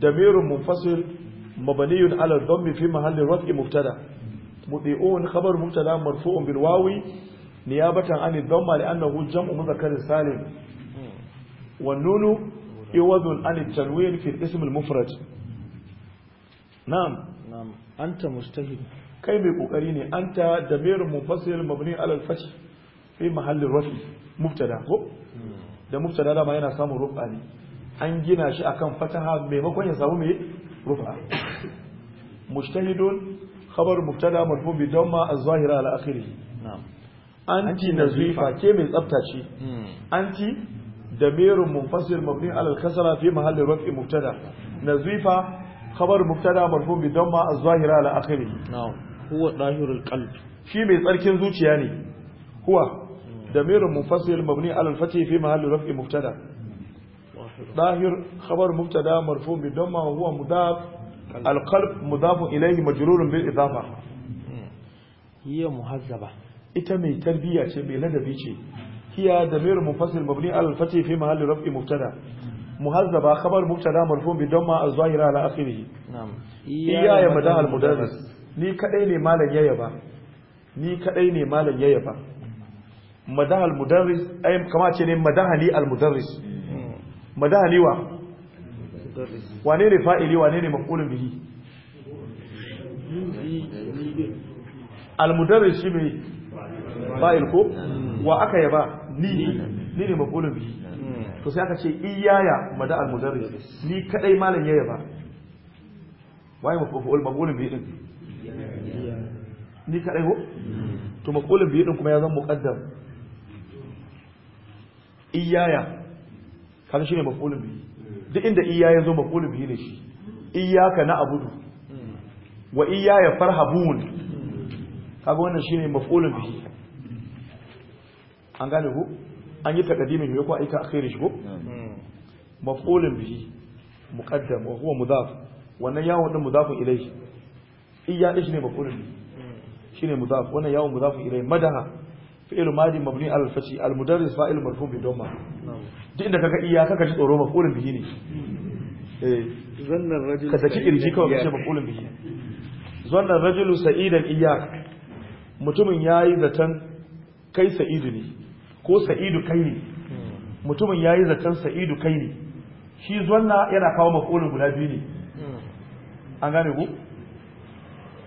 damirun munfasil mabniyun ala dhammi fi mahalli raf'i mubtada muti'un khabar mubtada marfu' bil wawi نيابة عن الضمة annahu جمع مذكر سالم والنون يوض عن التنوين في الاسم المفرد نعم نعم أنت مجتهد كيف يقولين أنت ضمير منفصل مبني على الفتح في محل الرفع مبتدا ko da mubtada da ma yana samun rufa ne an gina shi akan fataha maimakon ya samu mai rufa mujtahidun don mubtada marfu bi damma az-zahira ala akhirih na'am anti nazifa ke mai tsaftace hmm. anti ضمير منفصل مبني على الكسرة في محل رفع مبتدا نزيفة خبر مبتدا مرفوع بضمة الظاهرة على آخره نعم هو ظاهر القلب شي مي تسركين زوجيا ne هو ضمير منفصل مبني على الفتح في محل رفع مبتدا ظاهر خبر مبتدا مرفوع بضمة وهو مضاف القلب مضاف إليه مجرور بالإضافة هي مهذبة ita mai tarbiyya ce mai ladabi ce هي ضمير منفصل مبني على الفتح في محل رفع مبتدا مهذبه خبر مبتدا مرفوع بضمه الظاهره على اخره نعم هي يا مدى المدرس ni kadai ne malam ya yaba ni kadai ne malam ya yaba madaha al-mudarris ce ne madahali al-mudarris madahali wa wane ne fa'ili wane ne al-mudarris shi ne fa'il ko wa aka yaba ni ni ne mafulun hmm. to sai aka ce iyaya mada al mudarris ni kadai malam ya yaba waye mafulun mafolin bihi din ni kadai ko hmm. to mafolin bihi din kuma ya zama muqaddam iyaya kan shine mafolin bihi hmm. duk inda iyaya zo mafolin bihi ne shi iyaka na abudu wa iyaya farhabun kaga wannan shine mafulun bihi an gane ku an yi taqdimin yi ko aika akhiri shi ko hmm. maf'ulun bihi muqaddam wa huwa mudaf wannan yawon din mudafun ilayhi iya ish ne maf'ulun bihi hmm. shine mudaf wannan yawon mudafun ilayhi madaha fi'l madi mabni ala al-fathi al-mudarris fa'il marfu' bi dhamma hmm. duk inda kaga iya kaga ji tsoro maf'ulun bihi ne eh zannar rajul ka saki kirji kawai kace maf'ulun bihi zannar rajulu sa'idan iyyak mutumin yayi zaton kai sa'idu ne ko sa'idu kai ne mutumin ya yi zaton sa'idu kai ne shi zonna yana kawo mafolin guda biyu ne an gane ku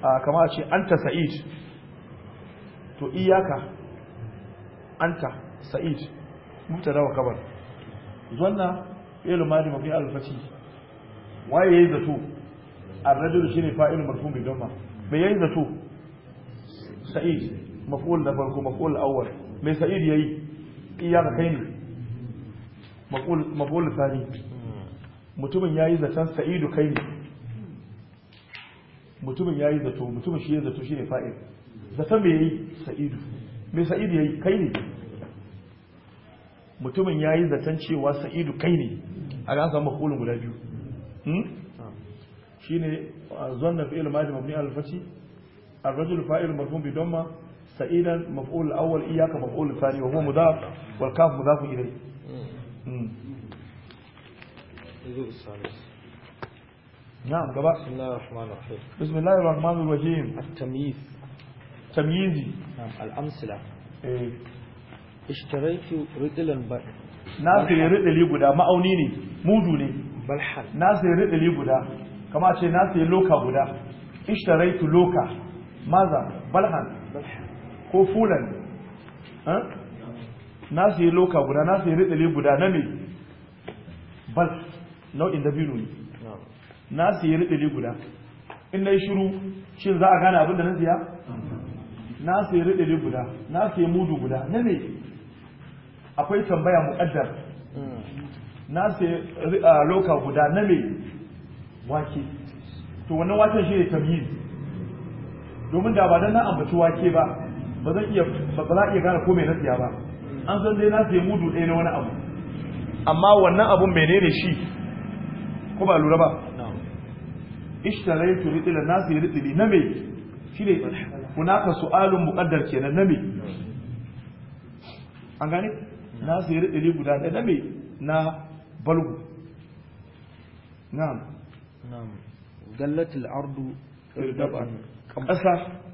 a kama a ce anta sa'id to iyaka anta sa'id mutu dawa kabar zonna ilu mali mafi alfaci waye ya yi zato arrajul shi ne fa'il marfu mai gama me ya yi zato sa'id maf'ul da farko maf'ul awar? me sa'id ya yi. iyaka kai ne maqul sani mutumin yi zaton sa'idu kai ne mutumin yi zato mutumin shi ya zato ne fa'il zaton me yi sa'idu me sa'idu ya yi kai ne mutumin ya yi zaton cewa sa'idu kai ne a ga samu maqulun guda biyu hmm? shine fi ilmajin mafi mabni al rajin fa’il فاعل don ma. فإذا مفعول الأول إياك مفعول الثاني وهو مضاف والكاف مضاف إليه نعم قبل بسم الله الرحمن الرحيم بسم الله الرحمن الرحيم التمييز تمييزي نعم الأمثلة إيه اشتريت رجلا بل na sayi riɗali guda ma'auni ne ناس ne na sayi riɗali guda kama ce na sayi loka guda ishtaraitu loka maza balhan ko fulan na sayi loka guda na sayi ritsile guda na mai bal nau'in biyu ne na sayi ritsile guda in na yi shiru shin za a gane abin da na siya na sayi ritsile guda na sayi mudu guda na mai akwai tambaya muƙaddar na sayi loka guda na mai wake to wannan waken shi ne tamyiz domin da ba don na ambaci wake ba ba zan iya ba za iya gane ko mai nasiya ba an san dai na sai mudu ɗaya na wani abu amma wannan abun menene shi ko ba lura ba ishtaraitu ridila na sai ridili na me shi ne hunaka su'alun muqaddar kenan na me an gane na sai ridili guda ɗaya na me na balgu na'am na'am gallatul ardu irdaban ƙasa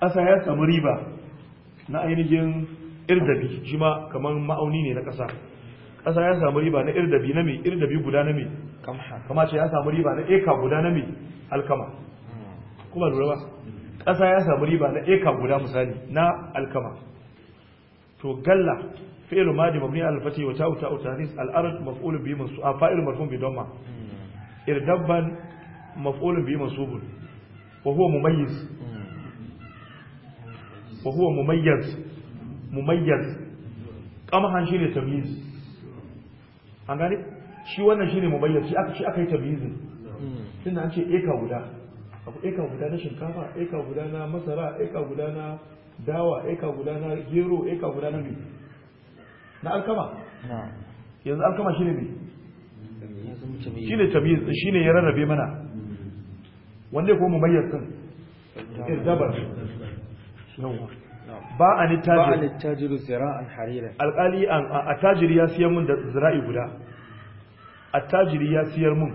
ƙasa ya samu riba na ainihin irdabi shi ma kamar ma'auni ne na ƙasa ƙasa ya samu riba na irdabi na mai irdabi guda na mai kama ce ya samu riba na eka guda na mai alkama kuma lura ba ƙasa ya samu riba na eka guda misali na alkama to galla fi'il madi mabni al fati wa ta'u ta'u tahris al ard maf'ul bi mansu'a fa'il marfu bi damma hmm. irdabban maf'ul bi mansubun wa huwa mumayyiz hmm. wa huwa mumayyaz mumayyaz qamhan shine tamyiz an gane shi wannan shine mumayyaz shi aka shi aka yi tamyizin hmm. tunda an ce eka guda abu eka guda na shinkafa eka guda na masara eka guda na dawa eka guda na gero eka guda na ne, na alkama yanzu alkama shine ne shine tamyiz shine ya rarrabe mana hmm. wanda ko mumayyaz kan irdabar eh, ba a littajiru zira'an hariran alƙali a tajiri ya siyar mun da zira'i guda a tajiri ya siyar mun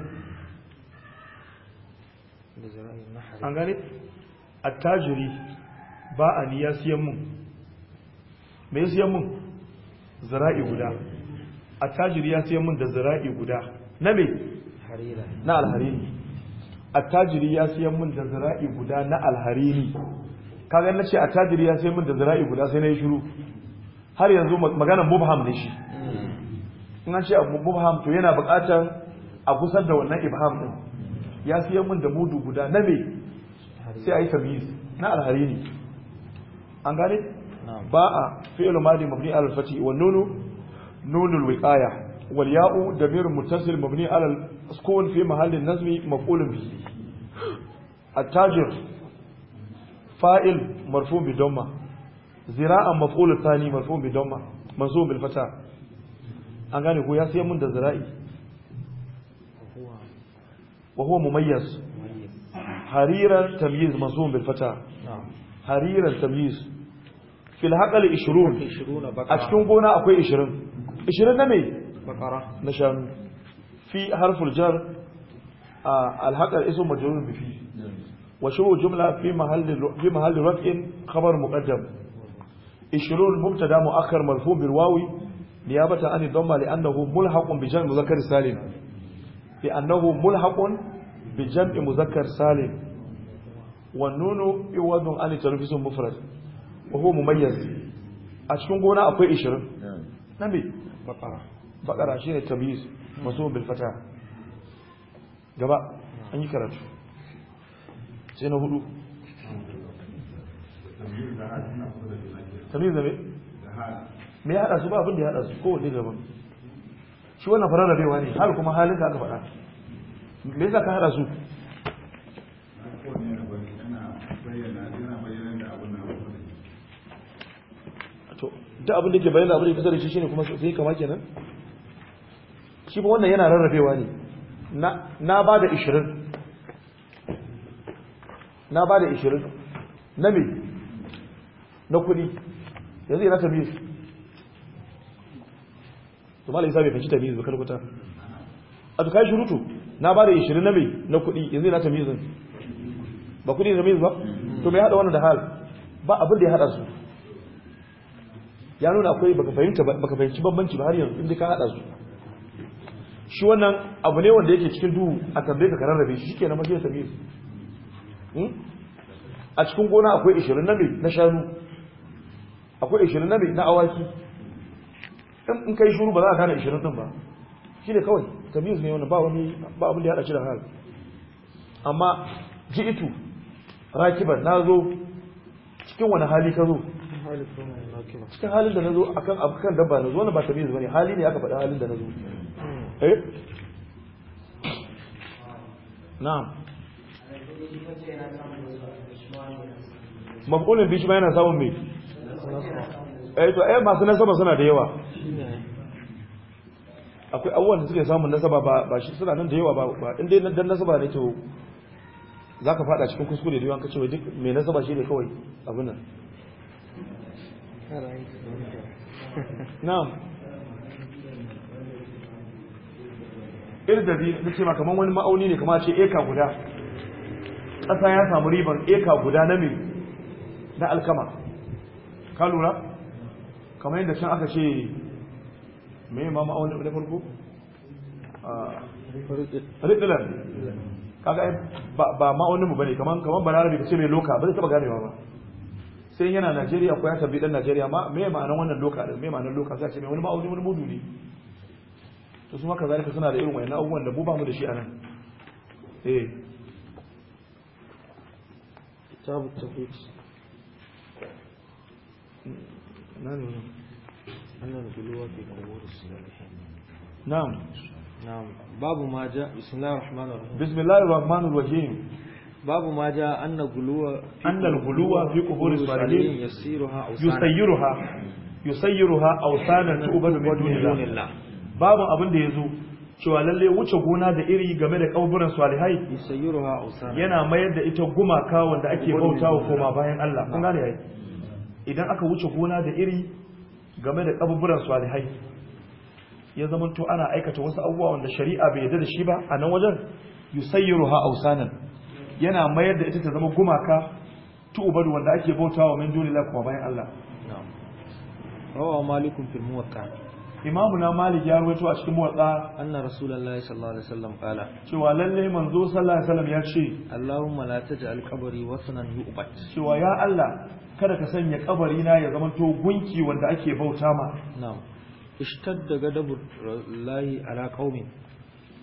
an gani a tajiri ba a ni ya siyar mun me ya siyar mun zira'i guda a tajiri ya siyar mun da zira'i guda na me na alharini. a tajiri ya siyar mun da zira'i guda na alharini. kaga na ce tajiri ya sai min da zira'i guda sai na yi shiru har yanzu magana mubham ne shi in an ce a mubham to yana buƙatar a kusan da wannan ibham din ya siya min da mudu guda na me sai a yi tamyiz na alhari ne an gane ba a fi'il madi mabni alal al-fati wa nunu nunul wiqaya wal ya'u damir muttasil mabni ala al-sukun fi mahallin nazmi maf'ulun bihi at-tajir fa'il marfu bi damma zira'an maf'ul thani marfu bi damma mansub bil fata an gane ko ya sai mun da zira'i wa huwa mumayyiz hariran tamyiz mansub bil fata hariran tamyiz fil haqal a cikin gona akwai 20 20 na me bakara na shanu fi harful jar al haqal ismu majrur bi fi وشروع جملة في محل في محل رفع خبر مقدم الشروع مبتدا مؤخر مرفوع بالواو نيابة عن الضمة لأنه ملحق بجمع مذكر سالم لأنه ملحق بجمع مذكر سالم والنون يوضع عن التنفيس المفرد وهو مميز أتكون قونا أقوي إشر نبي بقرة بقرة شيء التمييز مصوم بالفتح جبا أني كرتش sai na hudu tamir da me ya hada su ba abin da ya hada su kowanne gaban shi wannan farar rabewa ne hal kuma halin ka aka faɗa me yasa ka hada su Da abin da ke bayyana labari da kusa da shi shine kuma sai kama kenan shi ba wannan yana rarrafewa ne na ba da na ba da 20 na me na kudi yanzu yana ta tamiz to malai isa bai ta tamiz ba karkuta a to kai shurutu na ba da 20 na me na kudi yanzu yana ta tamizin ba kudi na tamiz ba to mai hada wani da hal ba abin da ya hada su ya nuna akwai baka fahimci bambanci ba har yanzu inda ka hada su shi wannan abu ne wanda yake cikin duhu a tambaye ka karar rabe shi shikenan mafi tamiz Hmm? a cikin gona akwai 20 na mai na shanu akwai 20 na mai na awaki in kai shuru ba za a gane 20 din ba shi ne kawai tamiz ne wani ba wani ba abin da ya haɗa shi da hal amma ji itu rakibar na zo cikin wani hali ka zo cikin halin da na zo akan abukan dabba na zo wani ba tamiz ba ne hali ne aka faɗa halin da na zo eh? na'am mafulin bishima yana samun mai eh to eh masu nasaba suna da yawa akwai abubuwan da suke samun nasaba ba shi suna nan da yawa ba inda yana dan nasaba ne to za ka fada cikin kuskure da yawan ka cewa duk mai nasaba shi ne kawai na. Irin da biyu na ce ma kamar wani ma'auni ne kama ce eka guda ƙasa ya samu riban eka guda na mai na alkama ka lura kamar yadda can aka ce mai ma ma'aunin da farko ah, rikilar kaga ba ma'aunin mu bane kamar kamar rabi ka ce mai loka ba zai taba ganewa ba sai yana najeriya ko ya tabbi dan najeriya ma mai ma'anar wannan loka da me ma'anar loka sai ce mai wani ma'aunin wani mudu ne to su maka zalika suna da irin wayannan abubuwan da mu ba mu da shi a nan eh كتاب التوحيد نعم أنا الغلو في أمور الصالحين نعم نعم باب ما جاء بسم الله الرحمن الرحيم بسم الله الرحمن الرحيم باب ما جاء أن الغلو أن الغلو في قبور الصالحين يسيرها أو يسيرها يسيرها أوثانا تعبد من دون الله باب أبن ديزو cewa lalle wuce gona da iri game da kaburin salihai yana mayar da ita gumaka wanda ake bautawa koma bayan Allah kun gane yayi idan aka wuce gona da iri game da kaburin salihai ya zama to ana aikata wasu abubuwa wanda shari'a bai yarda da shi ba a nan wajen yusayyiruha awsanan yana mayar da ita ta zama gumaka tu'ubadu wanda ake bautawa min dunillahi koma bayan Allah rawa malikum fil muwatta imamu na malik ya ruwaito a cikin motsa anna rasulullahi sallallahu alaihi wasallam kala cewa lalle manzo sallallahu alaihi wasallam ya ce allahumma la taj'al qabri wasnan yu'bad cewa ya allah kada ka sanya kabari na ya zama to gunki wanda ake bauta ma na'am ishtadda gadabu lahi ala qaumin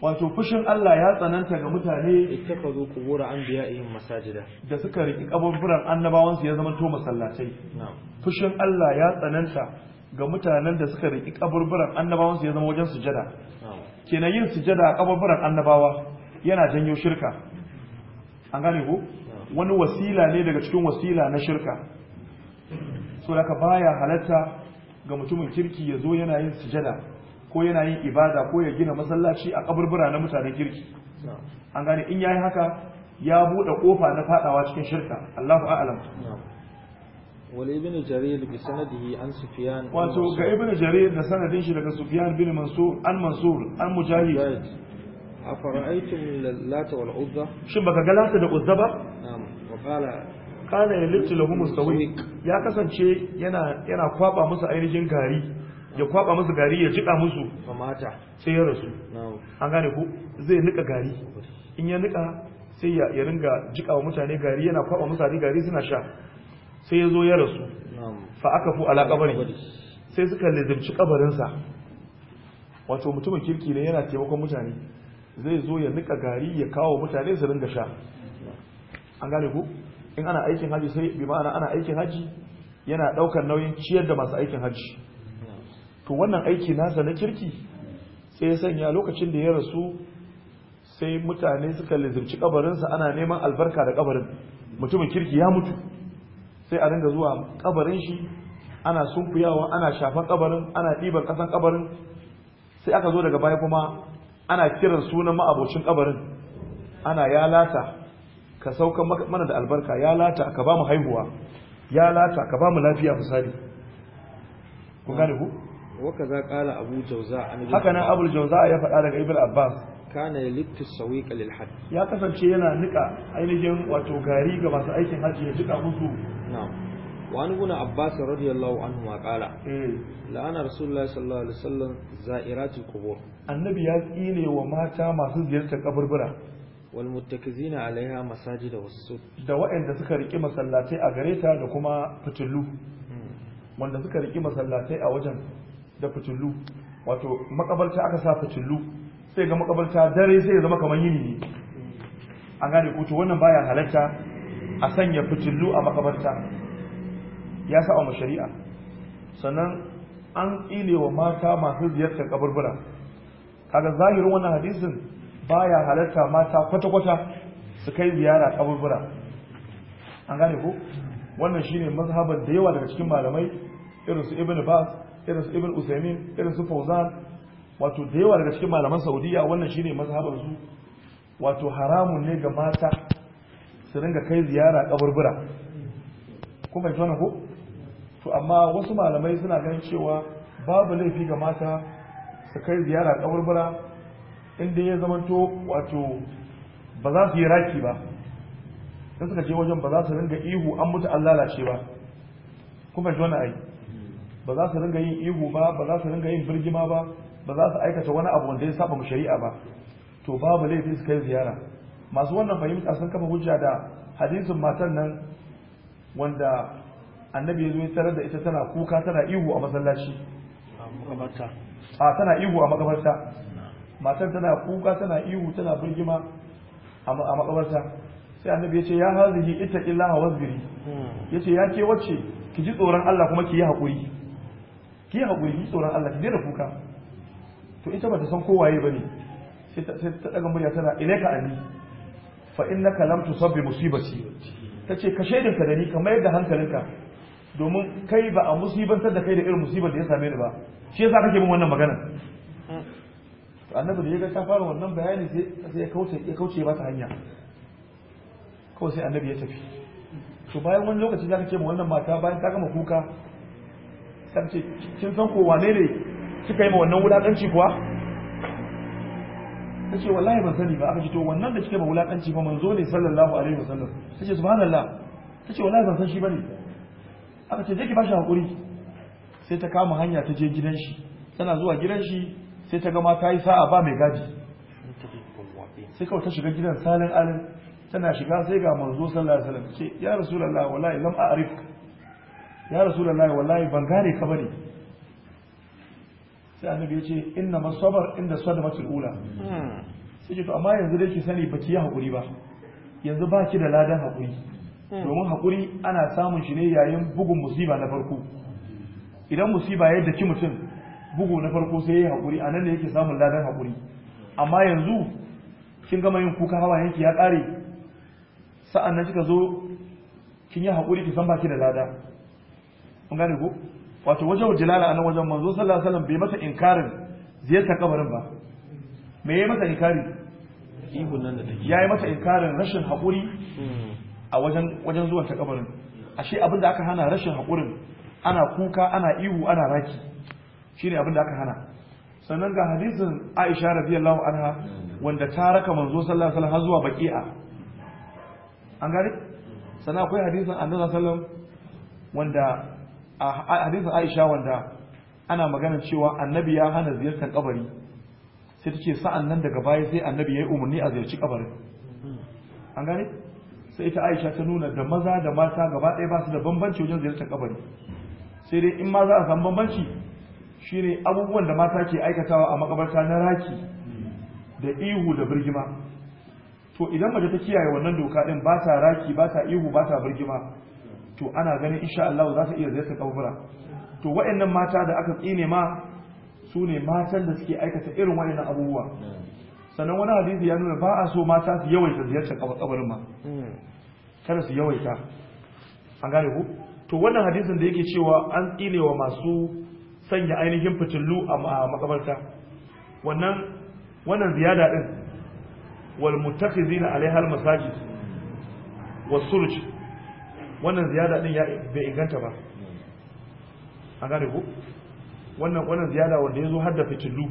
wato fushin Allah ya tsananta ga mutane ittakazu qubur anbiya'ihim masajida da suka riki kaburburan annabawansu ya zama to masallatai na'am fushin Allah ya tsananta ga mutanen da suka riki kaburburan annabawan su ya zama wajen sujada kenan yin sujada a kaburburan annabawa yana janyo shirka an gane ko wani wasila ne daga cikin wasila na shirka so daga baya halatta ga mutumin kirki ya zo yana yin sujada ko yana yin ibada ko ya gina masallaci a kaburbura na mutanen kirki an gane in yayi haka ya buɗe kofa na faɗawa cikin shirka Allahu a'lam ولابن جرير بسنده عن سفيان واتو ابن جرير شي daga سفيان بن منصور عن منصور عن مجاهد أفرأيتم اللات والعزى شن بقى ده عزى بقى نعم وقال قال له مستوي يا kasance yana yana kwaba musu ainihin gari ya kwaba musu gari ya jika musu sai ya rasu an gane ku zai nika gari in ya nika sai ya ringa jika wa mutane gari yana kwaba musu gari suna sha sai ya zo ya rasu fa aka fu ala kabarin sai suka lizimci kabarinsa wato mutumin kirki ne yana taimakon mutane zai zo ya nika gari ya kawo mutane su ringa sha an gane ku in ana aikin haji sai bi ma'ana ana aikin haji yana daukar nauyin ciyar da masu aikin haji to wannan aiki nasa na kirki sai ya sanya lokacin da ya rasu sai mutane suka lizimci kabarinsa ana neman albarka da kabarin mutumin kirki ya mutu sai a ringa zuwa kabarin shi ana sunkuyawa ana shafan kabarin ana ɗibar ƙasan kabarin sai aka zo daga baya kuma ana kiran sunan ma'abocin kabarin ana ya lata ka saukan mana da albarka ya lata ka ba mu haihuwa ya lata ka ba mu lafiya misali Ku gane ku haka nan abul jauza ya faɗa daga ibil abbas kana yalittu sawiqa lil hajj ya kasance yana nika ainihin wato gari ga masu aikin hajji ya jika musu Wani wa guna abbas radiyallahu anhu ma kala. Eh. la'ana rasulullahi sallallahu alaihi wasallam za'iratul qubur annabi ya tsine wa mata masu ziyartar kaburbura wal muttakizina alaiha masajida wasu da waɗanda suka riki masallatai a gare ta da kuma fitullu hmm. wanda suka riki masallatai a wajen da fitullu wato makabarta aka sa fitullu sai ga makabarta dare sai ya zama kamar yini ne an gane kutu wannan baya halatta a sanya fitillu a makabarta ya sa wa shari'a sannan an ile wa mata masu ziyartar kaburbura kaga zahirin wannan hadisin baya halatta mata kwata-kwata su kai ziyara kaburbura an gane ku wannan shine mazhaban da yawa daga cikin malamai irin su ibn bas irin su ibn usaimin irin su fauzan wato da yawa daga cikin malaman saudiya wannan shine mazhabar su wato haramun ne ga mata su ringa kai ziyara kaburbura kuma ita tona ko to amma wasu malamai suna ganin cewa babu laifi ga mata su kai ziyara kaburbura inda ya zamanto wato ba za su yi raki ba sai suka je wajen ba za su ringa ihu an mutu an lalace ba kuma ita wannan ai ba za su ringa yin ihu ba ba za su ringa yin birgima ba ba za su aikata wani abu wanda ya saba mu shari'a ba to babu laifi su kai ziyara masu wannan fahimta sun kafa hujja da hadisin matan nan wanda annabi ya zo ya tarar da ita tana kuka tana ihu a masallaci a tana ihu a makabarta matan tana kuka tana ihu tana birgima a makabarta sai annabi ya ce ya hazihi ittaqillaha wasbiri ziri. Hmm. ya ce wacce ki ji tsoron Allah kuma ki yi haƙuri. ki yi haƙuri ki tsoron Allah ki daina kuka to ita bata san kowaye ne sai ta daga murya tana ilaika ni fa naka lam tu sabbi musibati tace ka shaidinka da ni ka mayar da hankalinka domin kai ba a musibantar da kai da irin musibar da ya same ni ba shi yasa kake min wannan magana to annabi da ya ga ta fara wannan bayani sai ya kauce ya kauce ba ta hanya kawai sai annabi ya tafi to bayan wani lokaci zaka ce ma wannan mata bayan ta gama kuka sai ce kin san ko wane ne Suka yi ma wannan wulaƙanci kuwa ta ce wallahi ban sani ba aka ce to wannan da yi ma wulaƙanci ba manzo ne sallallahu alaihi wasallam ta ce subhanallah ta ce wallahi ban san shi bane aka ce je ki bashi hakuri sai ta kama hanya ta je gidan shi tana zuwa gidan shi sai ta gama ta yi sa'a ba mai gadi sai kawai ta shiga gidan salin alin tana shiga sai ga manzo sallallahu alaihi wasallam ce ya rasulullahi wallahi lam a'rif ya rasulullahi wallahi ban gane ka bane sai annabi ya ce inna masabar inda sadmatul ula hmm. sai ce to amma yanzu dai ki sani baki yi hakuri ba yanzu ba ki da ladan hakuri hmm. domin hakuri ana samun shi ne yayin bugun musiba na farko idan musiba ya daki mutum bugu na farko sai ya hakuri a nan ne yake samun ladan hakuri amma yanzu kin gama yin kuka yanki ya kare sa'an nan kika zo kin yi hakuri ki san baki da lada mun gane ko wato wajen jilala a nan wajen manzo sallallahu alaihi wasallam bai masa inkarin ziyarta kabarin ba me yayi masa inkari ihun nan da take yayi masa inkarin rashin hakuri a wajen wajen zuwan ta kabarin ashe abin da aka hana rashin hakurin ana kuka ana ihu ana raki shine abin da aka hana sannan ga hadisin Aisha radiyallahu anha wanda ta raka manzo sallallahu alaihi wasallam har zuwa baqi'a an gane sannan akwai hadisin annabi sallallahu alaihi wasallam wanda a hadisin Aisha wanda ana magana cewa annabi ya hana ziyartar kabari sai ta ce sa'an nan daga baya sai annabi ya yi umarni a ziyarci kabarin an gane sai ta aisha ta nuna da maza da mata gaba ɗaya ba su da bambanci wajen ziyartar kabari sai dai in ma za a samu bambanci shi ne abubuwan da mata ke aikatawa a makabarta na raki da ihu da birgima to idan mace ta kiyaye wannan doka ɗin, ba ta raki ba ta ihu ba ta birgima to ana ganin insha Allah za ka iya ziyartar kaburbura to waɗannan mata da aka tsine ma su ne matan da suke aikata irin waɗannan abubuwa sannan wani hadisi ya nuna ba a so mata su yawaita ziyartar kabarin ma kada su yawaita an gane ku to wannan hadisin da yake cewa an tsine wa masu sanya ainihin fitillu a makabarta wannan wannan ziyada din wal mutakhizina alaiha al masajid surj wannan ziyada din ya bai inganta ba an gane ku wannan wannan ziyada wanda ya zo har da fitilu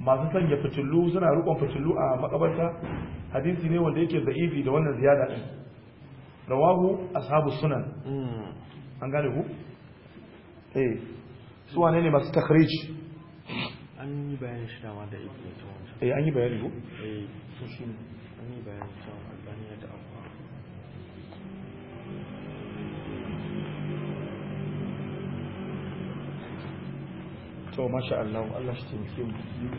masu sanya fitilu suna rukun fitilu a makabarta hadisi ne wanda yake za'ifi da wannan ziyada din rawahu ashabu sunan hmm. an gane ku eh su wane ne masu takhrij an yi bayanin shi da wanda ibnu tawon eh an yi bayani ku eh su shi an yi bayani tawon to masha Allah Allah shi taimake mu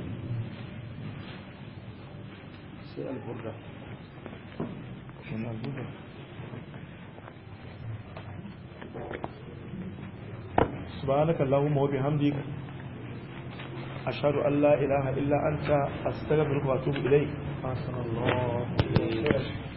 sai alburda shin alburda subhanaka allahumma wa bihamdik ashhadu an la ilaha illa anta astaghfiruka wa atubu